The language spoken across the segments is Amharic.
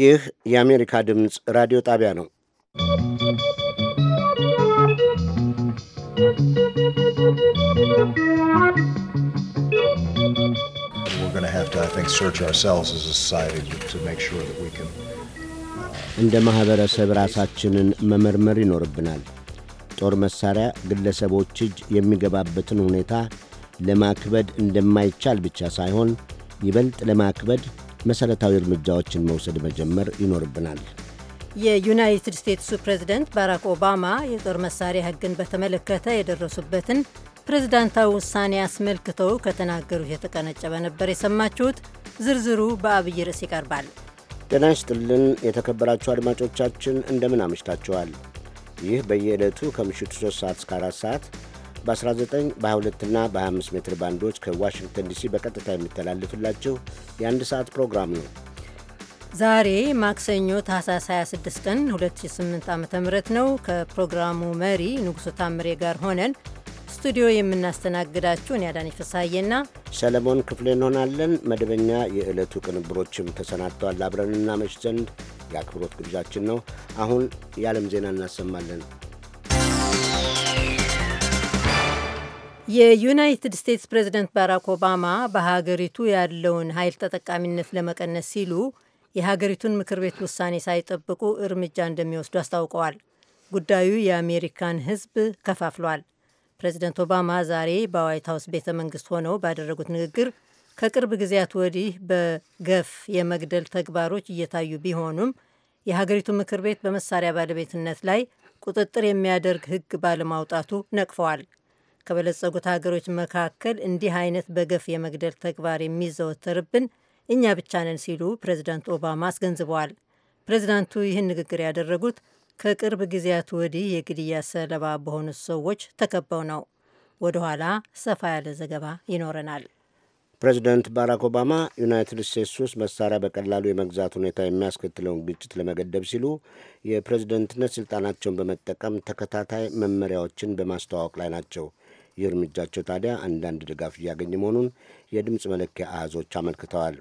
ይህ የአሜሪካ ድምፅ ራዲዮ ጣቢያ ነው። uh, እንደ ማኅበረሰብ ራሳችንን መመርመር ይኖርብናል። ጦር መሣሪያ ግለሰቦች እጅ የሚገባበትን ሁኔታ ለማክበድ እንደማይቻል ብቻ ሳይሆን ይበልጥ ለማክበድ መሠረታዊ እርምጃዎችን መውሰድ መጀመር ይኖርብናል። የዩናይትድ ስቴትሱ ፕሬዚደንት ባራክ ኦባማ የጦር መሳሪያ ሕግን በተመለከተ የደረሱበትን ፕሬዚዳንታዊ ውሳኔ አስመልክተው ከተናገሩት የተቀነጨበ ነበር የሰማችሁት። ዝርዝሩ በአብይ ርዕስ ይቀርባል። ጤና ይስጥልን የተከበራችሁ አድማጮቻችን እንደምን አመሽታችኋል? ይህ በየዕለቱ ከምሽቱ 3 ሰዓት እስከ 4 ሰዓት በ19 22 እና በ25 ሜትር ባንዶች ከዋሽንግተን ዲሲ በቀጥታ የሚተላልፍላችሁ የአንድ ሰዓት ፕሮግራም ነው። ዛሬ ማክሰኞ ታህሳስ 26 ቀን 2008 ዓ ም ነው። ከፕሮግራሙ መሪ ንጉሱ ታምሬ ጋር ሆነን ስቱዲዮ የምናስተናግዳችሁ እኔ አዳነች ፍስሐዬና ሰለሞን ክፍሌ እንሆናለን። መደበኛ የዕለቱ ቅንብሮችም ተሰናድተዋል። አብረን እናመሽ ዘንድ የአክብሮት ግብዣችን ነው። አሁን የዓለም ዜና እናሰማለን። የዩናይትድ ስቴትስ ፕሬዚደንት ባራክ ኦባማ በሀገሪቱ ያለውን ኃይል ተጠቃሚነት ለመቀነስ ሲሉ የሀገሪቱን ምክር ቤት ውሳኔ ሳይጠብቁ እርምጃ እንደሚወስዱ አስታውቀዋል። ጉዳዩ የአሜሪካን ሕዝብ ከፋፍሏል። ፕሬዚደንት ኦባማ ዛሬ በዋይት ሀውስ ቤተ መንግስት ሆነው ባደረጉት ንግግር ከቅርብ ጊዜያት ወዲህ በገፍ የመግደል ተግባሮች እየታዩ ቢሆኑም የሀገሪቱ ምክር ቤት በመሳሪያ ባለቤትነት ላይ ቁጥጥር የሚያደርግ ሕግ ባለማውጣቱ ነቅፈዋል። ከበለጸጉት ሀገሮች መካከል እንዲህ አይነት በገፍ የመግደል ተግባር የሚዘወተርብን እኛ ብቻ ነን ሲሉ ፕሬዚዳንት ኦባማ አስገንዝበዋል። ፕሬዚዳንቱ ይህን ንግግር ያደረጉት ከቅርብ ጊዜያት ወዲህ የግድያ ሰለባ በሆኑት ሰዎች ተከበው ነው። ወደ ኋላ ሰፋ ያለ ዘገባ ይኖረናል። ፕሬዚደንት ባራክ ኦባማ ዩናይትድ ስቴትስ ውስጥ መሳሪያ በቀላሉ የመግዛት ሁኔታ የሚያስከትለውን ግጭት ለመገደብ ሲሉ የፕሬዚደንትነት ስልጣናቸውን በመጠቀም ተከታታይ መመሪያዎችን በማስተዋወቅ ላይ ናቸው። ይህ እርምጃቸው ታዲያ አንዳንድ ድጋፍ እያገኘ መሆኑን የድምፅ መለኪያ አሃዞች አመልክተዋል።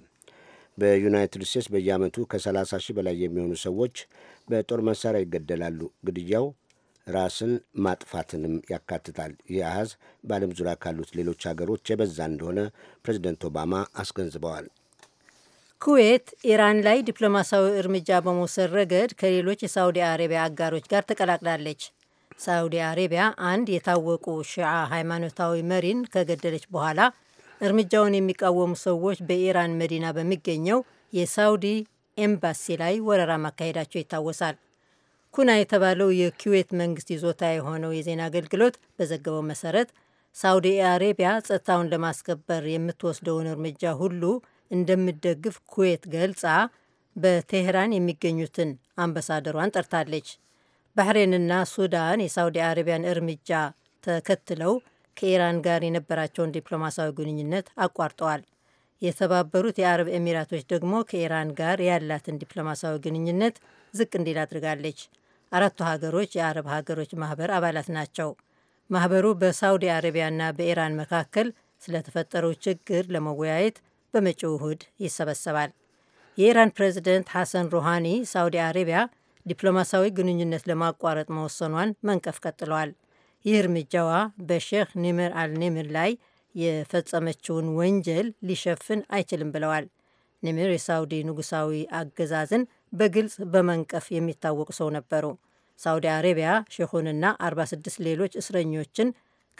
በዩናይትድ ስቴትስ በየዓመቱ ከ30 ሺህ በላይ የሚሆኑ ሰዎች በጦር መሳሪያ ይገደላሉ። ግድያው ራስን ማጥፋትንም ያካትታል። ይህ አሃዝ በዓለም ዙሪያ ካሉት ሌሎች ሀገሮች የበዛ እንደሆነ ፕሬዚደንት ኦባማ አስገንዝበዋል። ኩዌት ኢራን ላይ ዲፕሎማሲያዊ እርምጃ በመውሰድ ረገድ ከሌሎች የሳውዲ አረቢያ አጋሮች ጋር ተቀላቅላለች። ሳዑዲ አሬቢያ አንድ የታወቁ ሺዓ ሃይማኖታዊ መሪን ከገደለች በኋላ እርምጃውን የሚቃወሙ ሰዎች በኢራን መዲና በሚገኘው የሳውዲ ኤምባሲ ላይ ወረራ ማካሄዳቸው ይታወሳል። ኩና የተባለው የኩዌት መንግስት ይዞታ የሆነው የዜና አገልግሎት በዘገበው መሰረት ሳውዲ አሬቢያ ጸጥታውን ለማስከበር የምትወስደውን እርምጃ ሁሉ እንደምትደግፍ ኩዌት ገልጻ በቴህራን የሚገኙትን አምባሳደሯን ጠርታለች። ባህሬንና ሱዳን የሳውዲ አረቢያን እርምጃ ተከትለው ከኢራን ጋር የነበራቸውን ዲፕሎማሲያዊ ግንኙነት አቋርጠዋል። የተባበሩት የአረብ ኤሚራቶች ደግሞ ከኢራን ጋር ያላትን ዲፕሎማሲያዊ ግንኙነት ዝቅ እንዲል አድርጋለች። አራቱ ሀገሮች የአረብ ሀገሮች ማህበር አባላት ናቸው። ማህበሩ በሳውዲ አረቢያና በኢራን መካከል ስለተፈጠረው ችግር ለመወያየት በመጪው እሁድ ይሰበሰባል። የኢራን ፕሬዚደንት ሐሰን ሩሃኒ ሳውዲ አረቢያ ዲፕሎማሲያዊ ግንኙነት ለማቋረጥ መወሰኗን መንቀፍ ቀጥለዋል። ይህ እርምጃዋ በሼክ ኒምር አልኒምር ላይ የፈጸመችውን ወንጀል ሊሸፍን አይችልም ብለዋል። ኒምር የሳውዲ ንጉሳዊ አገዛዝን በግልጽ በመንቀፍ የሚታወቁ ሰው ነበሩ። ሳውዲ አረቢያ ሼሁንና 46 ሌሎች እስረኞችን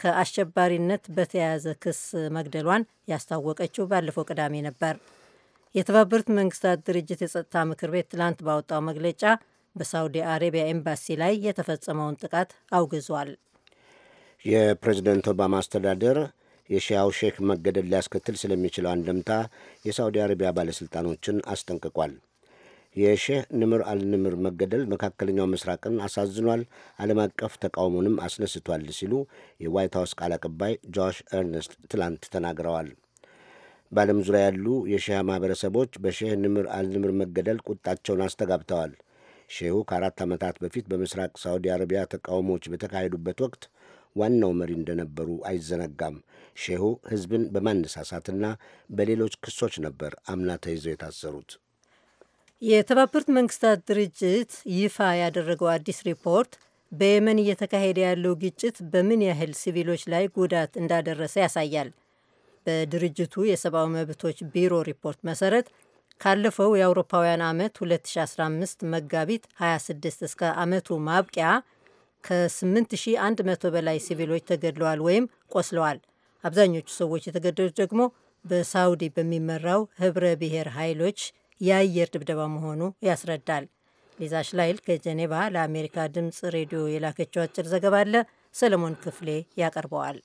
ከአሸባሪነት በተያያዘ ክስ መግደሏን ያስታወቀችው ባለፈው ቅዳሜ ነበር። የተባበሩት መንግስታት ድርጅት የጸጥታ ምክር ቤት ትላንት ባወጣው መግለጫ በሳውዲ አረቢያ ኤምባሲ ላይ የተፈጸመውን ጥቃት አውግዟል። የፕሬዝደንት ኦባማ አስተዳደር የሺያው ሼክ መገደል ሊያስከትል ስለሚችለው አንድምታ የሳውዲ አረቢያ ባለሥልጣኖችን አስጠንቅቋል። የሼህ ንምር አልንምር መገደል መካከለኛው ምስራቅን አሳዝኗል፣ ዓለም አቀፍ ተቃውሞንም አስነስቷል ሲሉ የዋይት ሀውስ ቃል አቀባይ ጆሽ ኤርነስት ትላንት ተናግረዋል። በዓለም ዙሪያ ያሉ የሺያ ማኅበረሰቦች በሼህ ንምር አልንምር መገደል ቁጣቸውን አስተጋብተዋል። ሼሁ ከአራት ዓመታት በፊት በምስራቅ ሳዑዲ አረቢያ ተቃውሞዎች በተካሄዱበት ወቅት ዋናው መሪ እንደነበሩ አይዘነጋም። ሼሁ ሕዝብን በማነሳሳትና በሌሎች ክሶች ነበር አምና ተይዘው የታሰሩት። የተባበሩት መንግስታት ድርጅት ይፋ ያደረገው አዲስ ሪፖርት በየመን እየተካሄደ ያለው ግጭት በምን ያህል ሲቪሎች ላይ ጉዳት እንዳደረሰ ያሳያል። በድርጅቱ የሰብአዊ መብቶች ቢሮ ሪፖርት መሰረት ካለፈው የአውሮፓውያን ዓመት 2015 መጋቢት 26 እስከ ዓመቱ ማብቂያ ከ8100 በላይ ሲቪሎች ተገድለዋል ወይም ቆስለዋል። አብዛኞቹ ሰዎች የተገደሉት ደግሞ በሳውዲ በሚመራው ህብረ ብሔር ኃይሎች የአየር ድብደባ መሆኑ ያስረዳል። ሊዛ ሽላይል ከጀኔቫ ለአሜሪካ ድምፅ ሬዲዮ የላከችው አጭር ዘገባ አለ። ሰለሞን ክፍሌ ያቀርበዋል።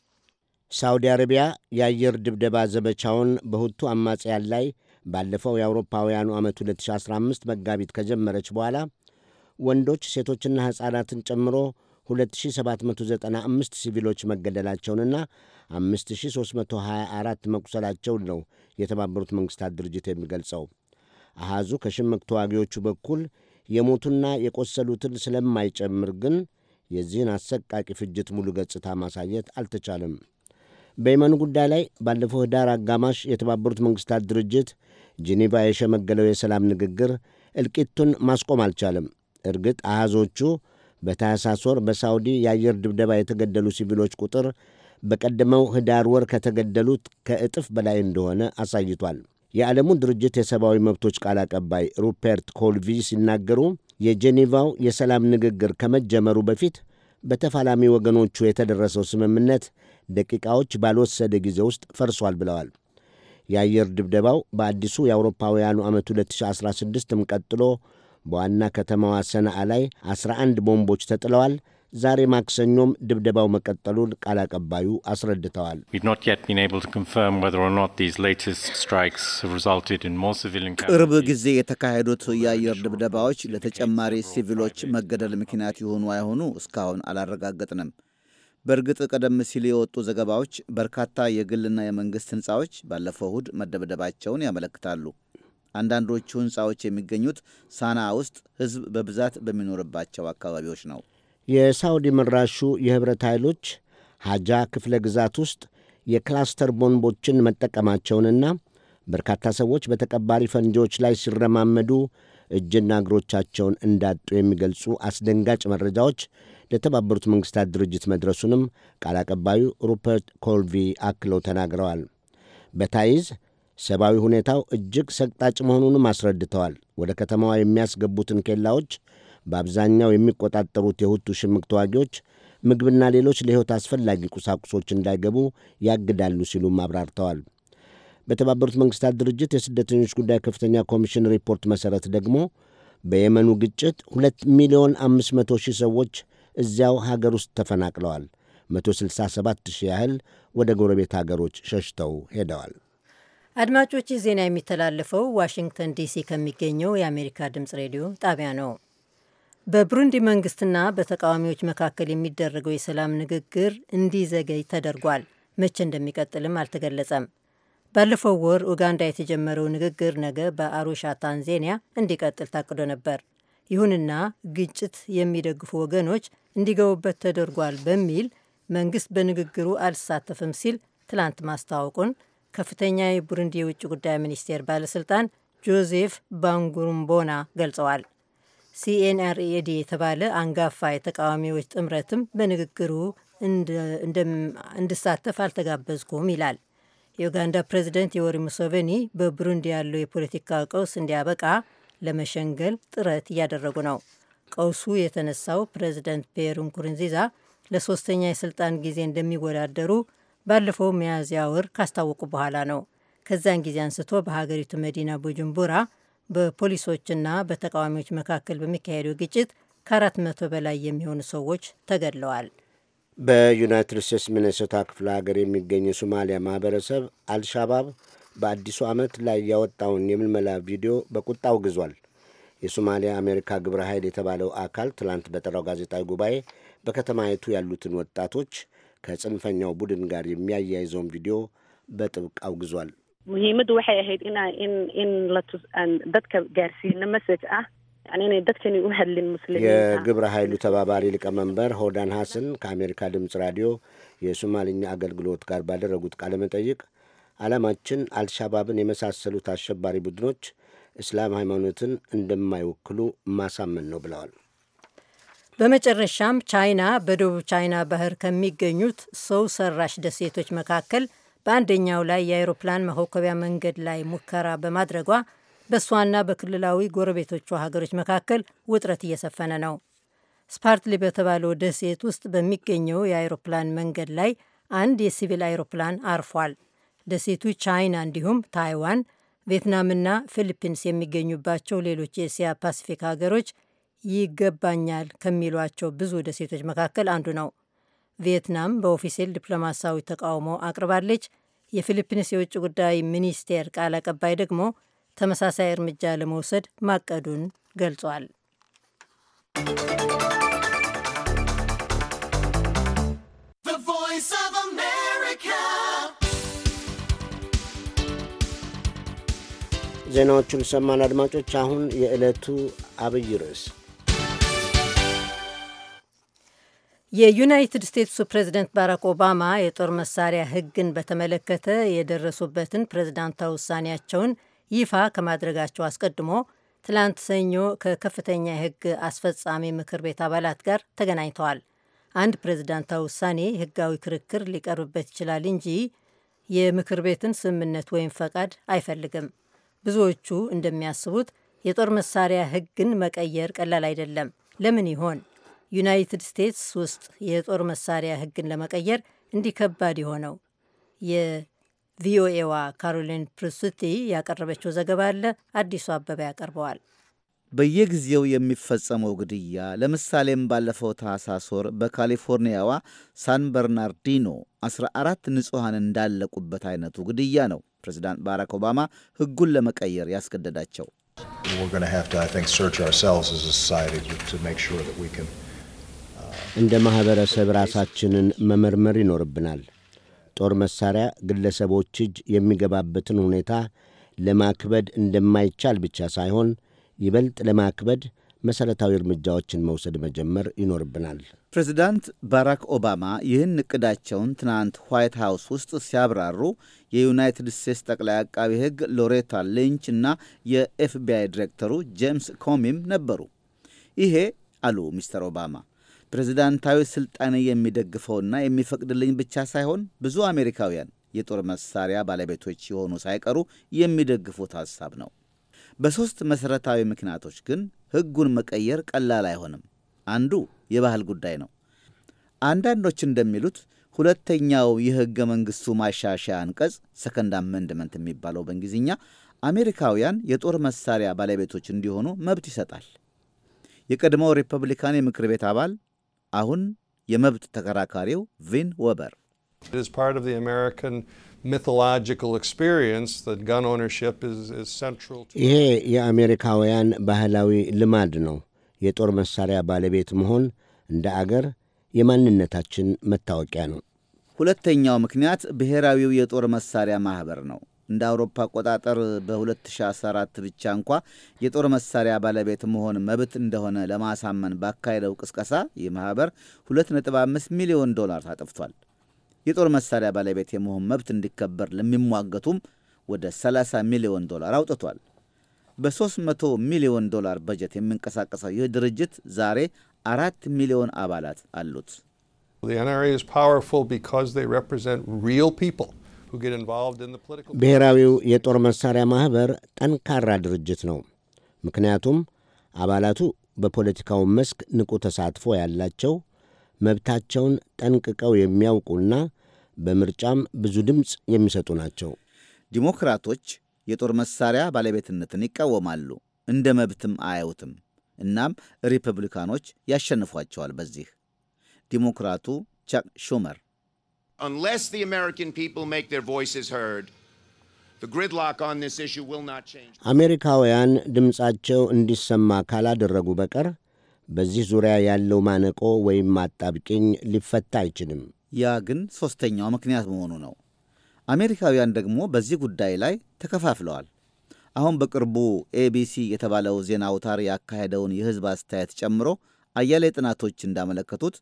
ሳውዲ አረቢያ የአየር ድብደባ ዘመቻውን በሁቱ አማጽያን ላይ ባለፈው የአውሮፓውያኑ ዓመት 2015 መጋቢት ከጀመረች በኋላ ወንዶች ሴቶችና ሕፃናትን ጨምሮ 2795 ሲቪሎች መገደላቸውንና 5324 መቁሰላቸውን ነው የተባበሩት መንግሥታት ድርጅት የሚገልጸው። አሃዙ ከሽምቅ ተዋጊዎቹ በኩል የሞቱና የቆሰሉትን ስለማይጨምር ግን የዚህን አሰቃቂ ፍጅት ሙሉ ገጽታ ማሳየት አልተቻለም። በየመኑ ጉዳይ ላይ ባለፈው ኅዳር አጋማሽ የተባበሩት መንግሥታት ድርጅት ጄኔቫ የሸመገለው የሰላም ንግግር እልቂቱን ማስቆም አልቻለም። እርግጥ አሃዞቹ በታህሳስ ወር በሳውዲ የአየር ድብደባ የተገደሉ ሲቪሎች ቁጥር በቀደመው ህዳር ወር ከተገደሉት ከእጥፍ በላይ እንደሆነ አሳይቷል። የዓለሙ ድርጅት የሰብአዊ መብቶች ቃል አቀባይ ሩፐርት ኮልቪ ሲናገሩ የጄኔቫው የሰላም ንግግር ከመጀመሩ በፊት በተፋላሚ ወገኖቹ የተደረሰው ስምምነት ደቂቃዎች ባልወሰደ ጊዜ ውስጥ ፈርሷል ብለዋል። የአየር ድብደባው በአዲሱ የአውሮፓውያኑ ዓመት 2016ም ቀጥሎ በዋና ከተማዋ ሰነአ ላይ 11 ቦምቦች ተጥለዋል። ዛሬ ማክሰኞም ድብደባው መቀጠሉን ቃል አቀባዩ አስረድተዋል። ቅርብ ጊዜ የተካሄዱት የአየር ድብደባዎች ለተጨማሪ ሲቪሎች መገደል ምክንያት ይሆኑ አይሆኑ እስካሁን አላረጋገጥንም። በእርግጥ ቀደም ሲል የወጡ ዘገባዎች በርካታ የግልና የመንግሥት ሕንፃዎች ባለፈው እሁድ መደብደባቸውን ያመለክታሉ። አንዳንዶቹ ሕንፃዎች የሚገኙት ሳና ውስጥ ሕዝብ በብዛት በሚኖርባቸው አካባቢዎች ነው። የሳውዲ መራሹ የኅብረት ኃይሎች ሐጃ ክፍለ ግዛት ውስጥ የክላስተር ቦንቦችን መጠቀማቸውንና በርካታ ሰዎች በተቀባሪ ፈንጂዎች ላይ ሲረማመዱ እጅና እግሮቻቸውን እንዳጡ የሚገልጹ አስደንጋጭ መረጃዎች ለተባበሩት መንግሥታት ድርጅት መድረሱንም ቃል አቀባዩ ሩፐርት ኮልቪ አክለው ተናግረዋል። በታይዝ ሰብአዊ ሁኔታው እጅግ ሰቅጣጭ መሆኑንም አስረድተዋል። ወደ ከተማዋ የሚያስገቡትን ኬላዎች በአብዛኛው የሚቆጣጠሩት የሁቱ ሽምቅ ተዋጊዎች ምግብና ሌሎች ለሕይወት አስፈላጊ ቁሳቁሶች እንዳይገቡ ያግዳሉ ሲሉም አብራርተዋል። በተባበሩት መንግሥታት ድርጅት የስደተኞች ጉዳይ ከፍተኛ ኮሚሽን ሪፖርት መሠረት ደግሞ በየመኑ ግጭት 2 ሚሊዮን 500 ሺህ ሰዎች እዚያው ሀገር ውስጥ ተፈናቅለዋል። 167 ሺህ ያህል ወደ ጎረቤት ሀገሮች ሸሽተው ሄደዋል። አድማጮች፣ ዜና የሚተላለፈው ዋሽንግተን ዲሲ ከሚገኘው የአሜሪካ ድምፅ ሬዲዮ ጣቢያ ነው። በብሩንዲ መንግስትና በተቃዋሚዎች መካከል የሚደረገው የሰላም ንግግር እንዲዘገይ ተደርጓል። መቼ እንደሚቀጥልም አልተገለጸም። ባለፈው ወር ኡጋንዳ የተጀመረው ንግግር ነገ በአሩሻ ታንዛኒያ እንዲቀጥል ታቅዶ ነበር። ይሁንና ግጭት የሚደግፉ ወገኖች እንዲገቡበት ተደርጓል በሚል መንግስት በንግግሩ አልሳተፍም ሲል ትላንት ማስታወቁን ከፍተኛ የቡሩንዲ የውጭ ጉዳይ ሚኒስቴር ባለስልጣን ጆዜፍ ባንጉሩምቦና ገልጸዋል። ሲኤንአርኤዲ የተባለ አንጋፋ የተቃዋሚዎች ጥምረትም በንግግሩ እንድሳተፍ አልተጋበዝኩም ይላል። የኡጋንዳ ፕሬዚደንት የወሪ ሙሶቬኒ በቡሩንዲ ያለው የፖለቲካ ቀውስ እንዲያበቃ ለመሸንገል ጥረት እያደረጉ ነው። ቀውሱ የተነሳው ፕሬዚደንት ፒየር ንኩርንዚዛ ለሶስተኛ የስልጣን ጊዜ እንደሚወዳደሩ ባለፈው ሚያዝያ ወር ካስታወቁ በኋላ ነው። ከዚያን ጊዜ አንስቶ በሀገሪቱ መዲና ቡጅምቡራ በፖሊሶችና በተቃዋሚዎች መካከል በሚካሄደው ግጭት ከአራት መቶ በላይ የሚሆኑ ሰዎች ተገድለዋል። በዩናይትድ ስቴትስ ሚኔሶታ ክፍለ ሀገር የሚገኝ የሶማሊያ ማህበረሰብ አልሻባብ በአዲሱ ዓመት ላይ ያወጣውን የምልመላ ቪዲዮ በቁጣ አውግዟል። የሶማሊያ አሜሪካ ግብረ ኃይል የተባለው አካል ትላንት በጠራው ጋዜጣዊ ጉባኤ በከተማይቱ ያሉትን ወጣቶች ከጽንፈኛው ቡድን ጋር የሚያያይዘውን ቪዲዮ በጥብቅ አውግዟል። ሙሂምዱ waxay ahayd ኢና ኢን gaarsiino message ah dadkani u የግብረ ኃይሉ ተባባሪ ሊቀመንበር ሆዳን ሐሰን ከአሜሪካ ድምፅ ራዲዮ የሶማሊኛ አገልግሎት ጋር ባደረጉት ቃለ መጠይቅ ዓላማችን አልሻባብን የመሳሰሉት አሸባሪ ቡድኖች እስላም ሃይማኖትን እንደማይወክሉ ማሳመን ነው ብለዋል። በመጨረሻም ቻይና በደቡብ ቻይና ባህር ከሚገኙት ሰው ሰራሽ ደሴቶች መካከል በአንደኛው ላይ የአውሮፕላን ማኮብኮቢያ መንገድ ላይ ሙከራ በማድረጓ በእሷና በክልላዊ ጎረቤቶቿ ሀገሮች መካከል ውጥረት እየሰፈነ ነው። ስፓርትሊ በተባለው ደሴት ውስጥ በሚገኘው የአውሮፕላን መንገድ ላይ አንድ የሲቪል አውሮፕላን አርፏል። ደሴቱ ቻይና እንዲሁም ታይዋን፣ ቪየትናምና ፊሊፒንስ የሚገኙባቸው ሌሎች የእስያ ፓሲፊክ ሀገሮች ይገባኛል ከሚሏቸው ብዙ ደሴቶች መካከል አንዱ ነው። ቪየትናም በኦፊሴል ዲፕሎማሲያዊ ተቃውሞ አቅርባለች። የፊሊፒንስ የውጭ ጉዳይ ሚኒስቴር ቃል አቀባይ ደግሞ ተመሳሳይ እርምጃ ለመውሰድ ማቀዱን ገልጿል። ዜናዎቹን ሰማን አድማጮች። አሁን የዕለቱ አብይ ርዕስ የዩናይትድ ስቴትሱ ፕሬዚደንት ባራክ ኦባማ የጦር መሳሪያ ሕግን በተመለከተ የደረሱበትን ፕሬዝዳንታዊ ውሳኔያቸውን ይፋ ከማድረጋቸው አስቀድሞ ትላንት ሰኞ ከከፍተኛ የሕግ አስፈጻሚ ምክር ቤት አባላት ጋር ተገናኝተዋል። አንድ ፕሬዝዳንታዊ ውሳኔ ሕጋዊ ክርክር ሊቀርብበት ይችላል እንጂ የምክር ቤትን ስምምነት ወይም ፈቃድ አይፈልግም። ብዙዎቹ እንደሚያስቡት የጦር መሳሪያ ሕግን መቀየር ቀላል አይደለም። ለምን ይሆን? ዩናይትድ ስቴትስ ውስጥ የጦር መሳሪያ ሕግን ለመቀየር እንዲህ ከባድ የሆነው? የቪኦኤዋ ካሮሊን ፕሪሱቲ ያቀረበችው ዘገባ አለ። አዲሱ አበባ ያቀርበዋል። በየጊዜው የሚፈጸመው ግድያ ለምሳሌም ባለፈው ታህሳስ ወር በካሊፎርኒያዋ ሳን በርናርዲኖ 14 ንጹሐን እንዳለቁበት አይነቱ ግድያ ነው። ፕሬዚዳንት ባራክ ኦባማ ህጉን ለመቀየር ያስገደዳቸው። uh, እንደ ማኅበረሰብ ራሳችንን መመርመር ይኖርብናል። ጦር መሣሪያ ግለሰቦች እጅ የሚገባበትን ሁኔታ ለማክበድ እንደማይቻል ብቻ ሳይሆን ይበልጥ ለማክበድ መሠረታዊ እርምጃዎችን መውሰድ መጀመር ይኖርብናል። ፕሬዚዳንት ባራክ ኦባማ ይህን እቅዳቸውን ትናንት ዋይት ሃውስ ውስጥ ሲያብራሩ የዩናይትድ ስቴትስ ጠቅላይ አቃቢ ሕግ ሎሬታ ሊንች እና የኤፍቢአይ ዲሬክተሩ ጄምስ ኮሚም ነበሩ። ይሄ አሉ ሚስተር ኦባማ ፕሬዚዳንታዊ ስልጣኔ የሚደግፈውና የሚፈቅድልኝ ብቻ ሳይሆን ብዙ አሜሪካውያን የጦር መሳሪያ ባለቤቶች የሆኑ ሳይቀሩ የሚደግፉት ሐሳብ ነው። በሦስት መሠረታዊ ምክንያቶች ግን ሕጉን መቀየር ቀላል አይሆንም። አንዱ የባህል ጉዳይ ነው። አንዳንዶች እንደሚሉት ሁለተኛው የሕገ መንግሥቱ ማሻሻያ አንቀጽ ሰከንድ አመንድመንት የሚባለው በእንግሊዝኛ አሜሪካውያን የጦር መሳሪያ ባለቤቶች እንዲሆኑ መብት ይሰጣል። የቀድሞው ሪፐብሊካን የምክር ቤት አባል አሁን የመብት ተከራካሪው ቪን ወበር ይሄ የአሜሪካውያን ባህላዊ ልማድ ነው። የጦር መሳሪያ ባለቤት መሆን እንደ አገር የማንነታችን መታወቂያ ነው። ሁለተኛው ምክንያት ብሔራዊው የጦር መሳሪያ ማኅበር ነው። እንደ አውሮፓ አቆጣጠር በ2014 ብቻ እንኳ የጦር መሳሪያ ባለቤት መሆን መብት እንደሆነ ለማሳመን ባካሄደው ቅስቀሳ ይህ ማኅበር 2.5 ሚሊዮን ዶላር አጥፍቷል። የጦር መሳሪያ ባለቤት የመሆን መብት እንዲከበር ለሚሟገቱም ወደ 30 ሚሊዮን ዶላር አውጥቷል። በ300 ሚሊዮን ዶላር በጀት የሚንቀሳቀሰው ይህ ድርጅት ዛሬ አራት ሚሊዮን አባላት አሉት። ብሔራዊው የጦር መሳሪያ ማኅበር ጠንካራ ድርጅት ነው። ምክንያቱም አባላቱ በፖለቲካው መስክ ንቁ ተሳትፎ ያላቸው መብታቸውን ጠንቅቀው የሚያውቁና በምርጫም ብዙ ድምፅ የሚሰጡ ናቸው። ዲሞክራቶች የጦር መሳሪያ ባለቤትነትን ይቃወማሉ፣ እንደ መብትም አያዩትም። እናም ሪፐብሊካኖች ያሸንፏቸዋል። በዚህ ዲሞክራቱ ቻክ ሹመር አሜሪካውያን ድምፃቸው እንዲሰማ ካላደረጉ በቀር በዚህ ዙሪያ ያለው ማነቆ ወይም አጣብቂኝ ሊፈታ አይችልም። ያ ግን ሦስተኛው ምክንያት መሆኑ ነው። አሜሪካውያን ደግሞ በዚህ ጉዳይ ላይ ተከፋፍለዋል። አሁን በቅርቡ ኤቢሲ የተባለው ዜና አውታር ያካሄደውን የሕዝብ አስተያየት ጨምሮ አያሌ ጥናቶች እንዳመለከቱት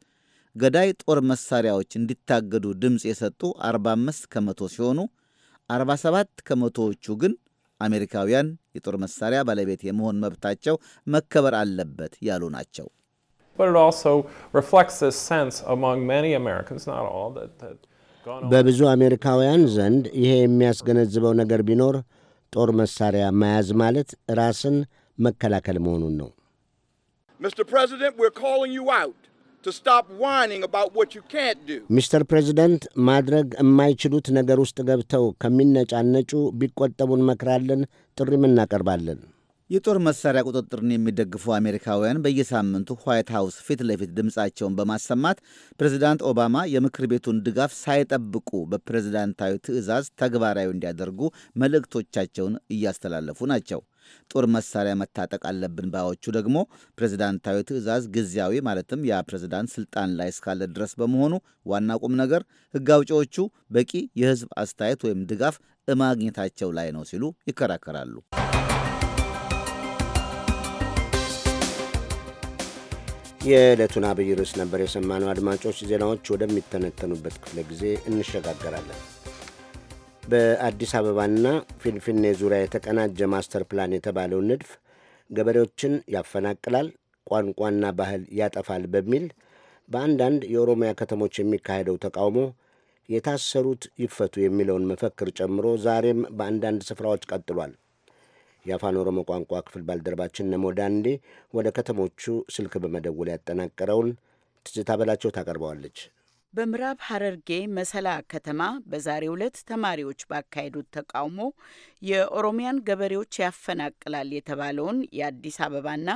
ገዳይ ጦር መሳሪያዎች እንዲታገዱ ድምፅ የሰጡ 45 ከመቶ ሲሆኑ 47 ከመቶዎቹ ግን አሜሪካውያን የጦር መሳሪያ ባለቤት የመሆን መብታቸው መከበር አለበት ያሉ ናቸው። በብዙ አሜሪካውያን ዘንድ ይሄ የሚያስገነዝበው ነገር ቢኖር ጦር መሳሪያ መያዝ ማለት ራስን መከላከል መሆኑን ነው። ሚስተር ፕሬዚደንት ሚስተር ፕሬዚደንት ማድረግ የማይችሉት ነገር ውስጥ ገብተው ከሚነጫነጩ ቢቆጠቡን መክራለን ጥሪም እናቀርባለን። የጦር መሳሪያ ቁጥጥርን የሚደግፉ አሜሪካውያን በየሳምንቱ ዋይት ሃውስ ፊት ለፊት ድምፃቸውን በማሰማት ፕሬዚዳንት ኦባማ የምክር ቤቱን ድጋፍ ሳይጠብቁ በፕሬዚዳንታዊ ትዕዛዝ ተግባራዊ እንዲያደርጉ መልእክቶቻቸውን እያስተላለፉ ናቸው። ጦር መሳሪያ መታጠቅ አለብን ባዮቹ ደግሞ ፕሬዝዳንታዊ ትዕዛዝ ጊዜያዊ ማለትም ያ ስልጣን ላይ እስካለ ድረስ በመሆኑ ዋና ቁም ነገር ህግ አውጪዎቹ በቂ የህዝብ አስተያየት ወይም ድጋፍ እማግኘታቸው ላይ ነው ሲሉ ይከራከራሉ። የዕለቱን አብይ ርዕስ ነበር የሰማነው። አድማጮች ዜናዎች ወደሚተነተኑበት ክፍለ ጊዜ እንሸጋገራለን። በአዲስ አበባና ፊንፊኔ ዙሪያ የተቀናጀ ማስተር ፕላን የተባለው ንድፍ ገበሬዎችን ያፈናቅላል፣ ቋንቋና ባህል ያጠፋል በሚል በአንዳንድ የኦሮሚያ ከተሞች የሚካሄደው ተቃውሞ የታሰሩት ይፈቱ የሚለውን መፈክር ጨምሮ ዛሬም በአንዳንድ ስፍራዎች ቀጥሏል። የአፋን ኦሮሞ ቋንቋ ክፍል ባልደረባችን ነሞዳንዴ ወደ ከተሞቹ ስልክ በመደወል ያጠናቀረውን ትዝታ በላቸው ታቀርበዋለች። በምዕራብ ሐረርጌ መሰላ ከተማ በዛሬው ዕለት ተማሪዎች ባካሄዱት ተቃውሞ የኦሮሚያን ገበሬዎች ያፈናቅላል የተባለውን የአዲስ አበባና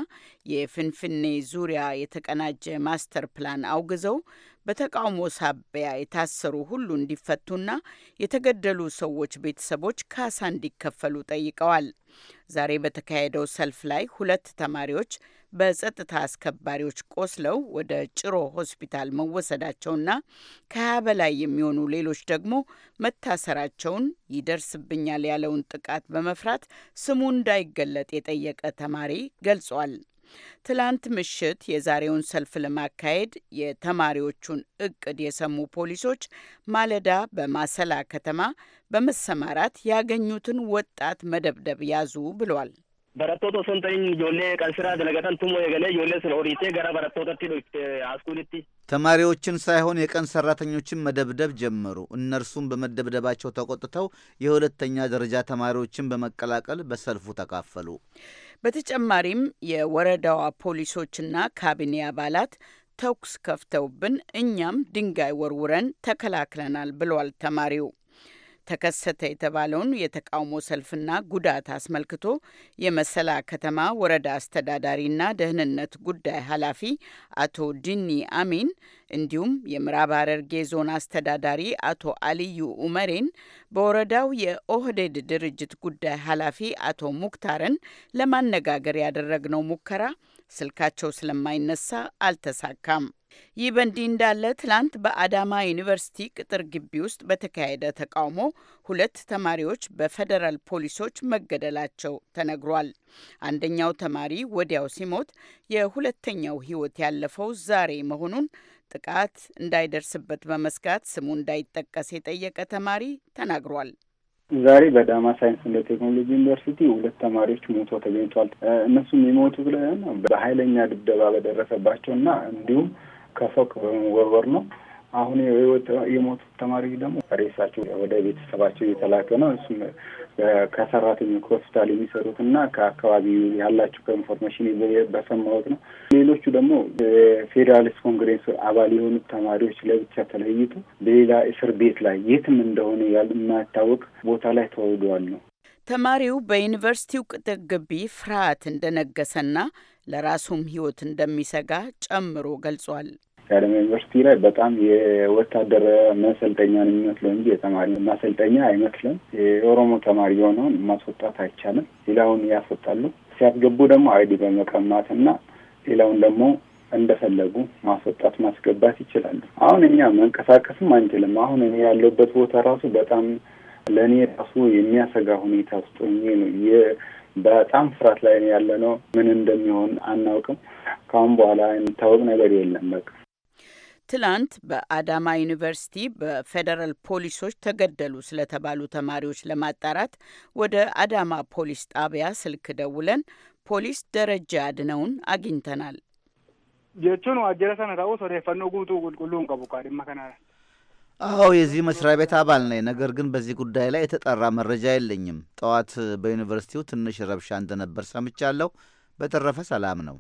የፍንፍኔ ዙሪያ የተቀናጀ ማስተር ፕላን አውግዘው በተቃውሞ ሳቢያ የታሰሩ ሁሉ እንዲፈቱና የተገደሉ ሰዎች ቤተሰቦች ካሳ እንዲከፈሉ ጠይቀዋል። ዛሬ በተካሄደው ሰልፍ ላይ ሁለት ተማሪዎች በጸጥታ አስከባሪዎች ቆስለው ወደ ጭሮ ሆስፒታል መወሰዳቸውና ከሀያ በላይ የሚሆኑ ሌሎች ደግሞ መታሰራቸውን ይደርስብኛል ያለውን ጥቃት በመፍራት ስሙ እንዳይገለጥ የጠየቀ ተማሪ ገልጿል። ትላንት ምሽት የዛሬውን ሰልፍ ለማካሄድ የተማሪዎቹን እቅድ የሰሙ ፖሊሶች ማለዳ በማሰላ ከተማ በመሰማራት ያገኙትን ወጣት መደብደብ ያዙ ብሏል። barattoota osoo hin ta'in ijoollee qansiraa dalagatan tumoo eegalee ijoollee sana horiitee gara barattootatti dhufte askuulitti ተማሪዎችን ሳይሆን የቀን ሰራተኞችን መደብደብ ጀመሩ። እነርሱም በመደብደባቸው ተቆጥተው የሁለተኛ ደረጃ ተማሪዎችን በመቀላቀል በሰልፉ ተካፈሉ። በተጨማሪም የወረዳዋ ፖሊሶችና ካቢኔ አባላት ተኩስ ከፍተውብን እኛም ድንጋይ ወርውረን ተከላክለናል ብሏል ተማሪው። ተከሰተ የተባለውን የተቃውሞ ሰልፍና ጉዳት አስመልክቶ የመሰላ ከተማ ወረዳ አስተዳዳሪና ደህንነት ጉዳይ ኃላፊ አቶ ዲኒ አሚን እንዲሁም የምዕራብ ሐረርጌ ዞን አስተዳዳሪ አቶ አልዩ ኡመሬን በወረዳው የኦህዴድ ድርጅት ጉዳይ ኃላፊ አቶ ሙክታርን ለማነጋገር ያደረግነው ሙከራ ስልካቸው ስለማይነሳ አልተሳካም። ይህ በእንዲህ እንዳለ ትላንት በአዳማ ዩኒቨርሲቲ ቅጥር ግቢ ውስጥ በተካሄደ ተቃውሞ ሁለት ተማሪዎች በፌዴራል ፖሊሶች መገደላቸው ተነግሯል። አንደኛው ተማሪ ወዲያው ሲሞት የሁለተኛው ሕይወት ያለፈው ዛሬ መሆኑን ጥቃት እንዳይደርስበት በመስጋት ስሙ እንዳይጠቀስ የጠየቀ ተማሪ ተናግሯል። ዛሬ በዳማ እንደ ቴክኖሎጂ ዩኒቨርሲቲ ሁለት ተማሪዎች ሞቶ ተገኝቷል። እነሱም የሞቱ ብለን በኃይለኛ ድብደባ በደረሰባቸው እና እንዲሁም ከፎቅ በመወርወር ነው። አሁን የሞቱ ተማሪዎች ደግሞ ሬሳቸው ወደ ቤተሰባቸው እየተላከ ነው። እሱም ከሰራተኞች ሆስፒታል የሚሰሩት እና ከአካባቢው ያላቸው ከኢንፎርሜሽን በሰማሁት ነው። ሌሎቹ ደግሞ ፌዴራሊስት ኮንግሬስ አባል የሆኑት ተማሪዎች ለብቻ ተለይቶ በሌላ እስር ቤት ላይ የትም እንደሆነ የማይታወቅ ቦታ ላይ ተወውደዋል ነው። ተማሪው በዩኒቨርሲቲው ቅጥር ግቢ ፍርሃት እንደነገሰና ለራሱም ሕይወት እንደሚሰጋ ጨምሮ ገልጿል። ከአዳማ ዩኒቨርሲቲ ላይ በጣም የወታደር መሰልጠኛ ነው የሚመስለው እንጂ የተማሪ መሰልጠኛ አይመስልም። የኦሮሞ ተማሪ የሆነውን ማስወጣት አይቻልም። ሌላውን ያስወጣሉ። ሲያስገቡ ደግሞ አይዲ በመቀማት እና ሌላውን ደግሞ እንደፈለጉ ማስወጣት ማስገባት ይችላሉ። አሁን እኛ መንቀሳቀስም አንችልም። አሁን እኔ ያለሁበት ቦታ ራሱ በጣም ለእኔ ራሱ የሚያሰጋ ሁኔታ ውስጥ ነው። በጣም ፍርሃት ላይ ያለ ነው። ምን እንደሚሆን አናውቅም። ከአሁን በኋላ የሚታወቅ ነገር የለም በቃ ትላንት በአዳማ ዩኒቨርሲቲ በፌዴራል ፖሊሶች ተገደሉ ስለተባሉ ተማሪዎች ለማጣራት ወደ አዳማ ፖሊስ ጣቢያ ስልክ ደውለን ፖሊስ ደረጃ አድነውን አግኝተናል። ጀቹን ዋጀረ ሰነ ፈኖ ጉቱ ቁልቁሉን አዎ የዚህ መስሪያ ቤት አባል ነኝ። ነገር ግን በዚህ ጉዳይ ላይ የተጠራ መረጃ የለኝም። ጠዋት በዩኒቨርሲቲው ትንሽ ረብሻ እንደነበር ሰምቻለሁ። በተረፈ ሰላም ነው።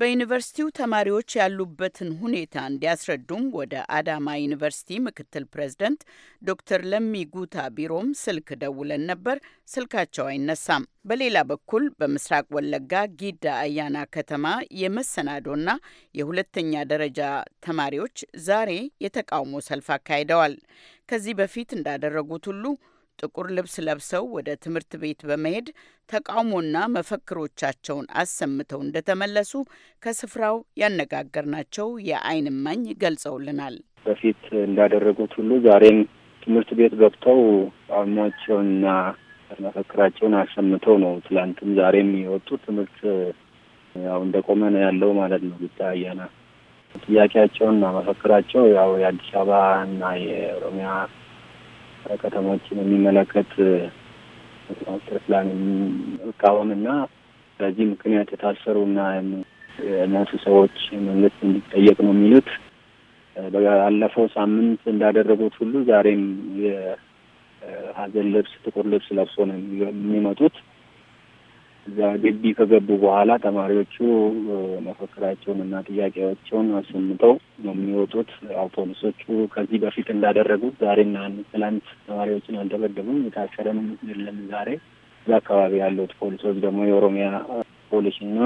በዩኒቨርሲቲው ተማሪዎች ያሉበትን ሁኔታ እንዲያስረዱም ወደ አዳማ ዩኒቨርሲቲ ምክትል ፕሬዝደንት ዶክተር ለሚ ጉታ ቢሮም ስልክ ደውለን ነበር። ስልካቸው አይነሳም። በሌላ በኩል በምስራቅ ወለጋ ጊዳ አያና ከተማ የመሰናዶና የሁለተኛ ደረጃ ተማሪዎች ዛሬ የተቃውሞ ሰልፍ አካሂደዋል። ከዚህ በፊት እንዳደረጉት ሁሉ ጥቁር ልብስ ለብሰው ወደ ትምህርት ቤት በመሄድ ተቃውሞና መፈክሮቻቸውን አሰምተው እንደተመለሱ ከስፍራው ያነጋገርናቸው የዓይን እማኝ ገልጸውልናል። በፊት እንዳደረጉት ሁሉ ዛሬም ትምህርት ቤት ገብተው ተቃውሟቸውንና መፈክራቸውን አሰምተው ነው ትላንትም ዛሬም የወጡ ትምህርት ያው እንደቆመ ነው ያለው ማለት ነው። አያና ጥያቄያቸውና መፈክራቸው ያው የአዲስ አበባ እና የኦሮሚያ ከተማችን የሚመለከት ማስተር ፕላን መቃወምና በዚህ ምክንያት የታሰሩና የሞቱ ሰዎች መንግስት እንዲጠየቅ ነው የሚሉት። ባለፈው ሳምንት እንዳደረጉት ሁሉ ዛሬም የሀዘን ልብስ፣ ጥቁር ልብስ ለብሶ ነው የሚመጡት። እዛ ግቢ ከገቡ በኋላ ተማሪዎቹ መፈክራቸውን እና ጥያቄያቸውን አሰምተው ነው የሚወጡት። አውቶቡሶቹ ከዚህ በፊት እንዳደረጉት ዛሬና ትላንት ተማሪዎችን አልደበደቡም፣ የታሰረም የለም። ዛሬ እዛ አካባቢ ያሉት ፖሊሶች ደግሞ የኦሮሚያ ፖሊስ እና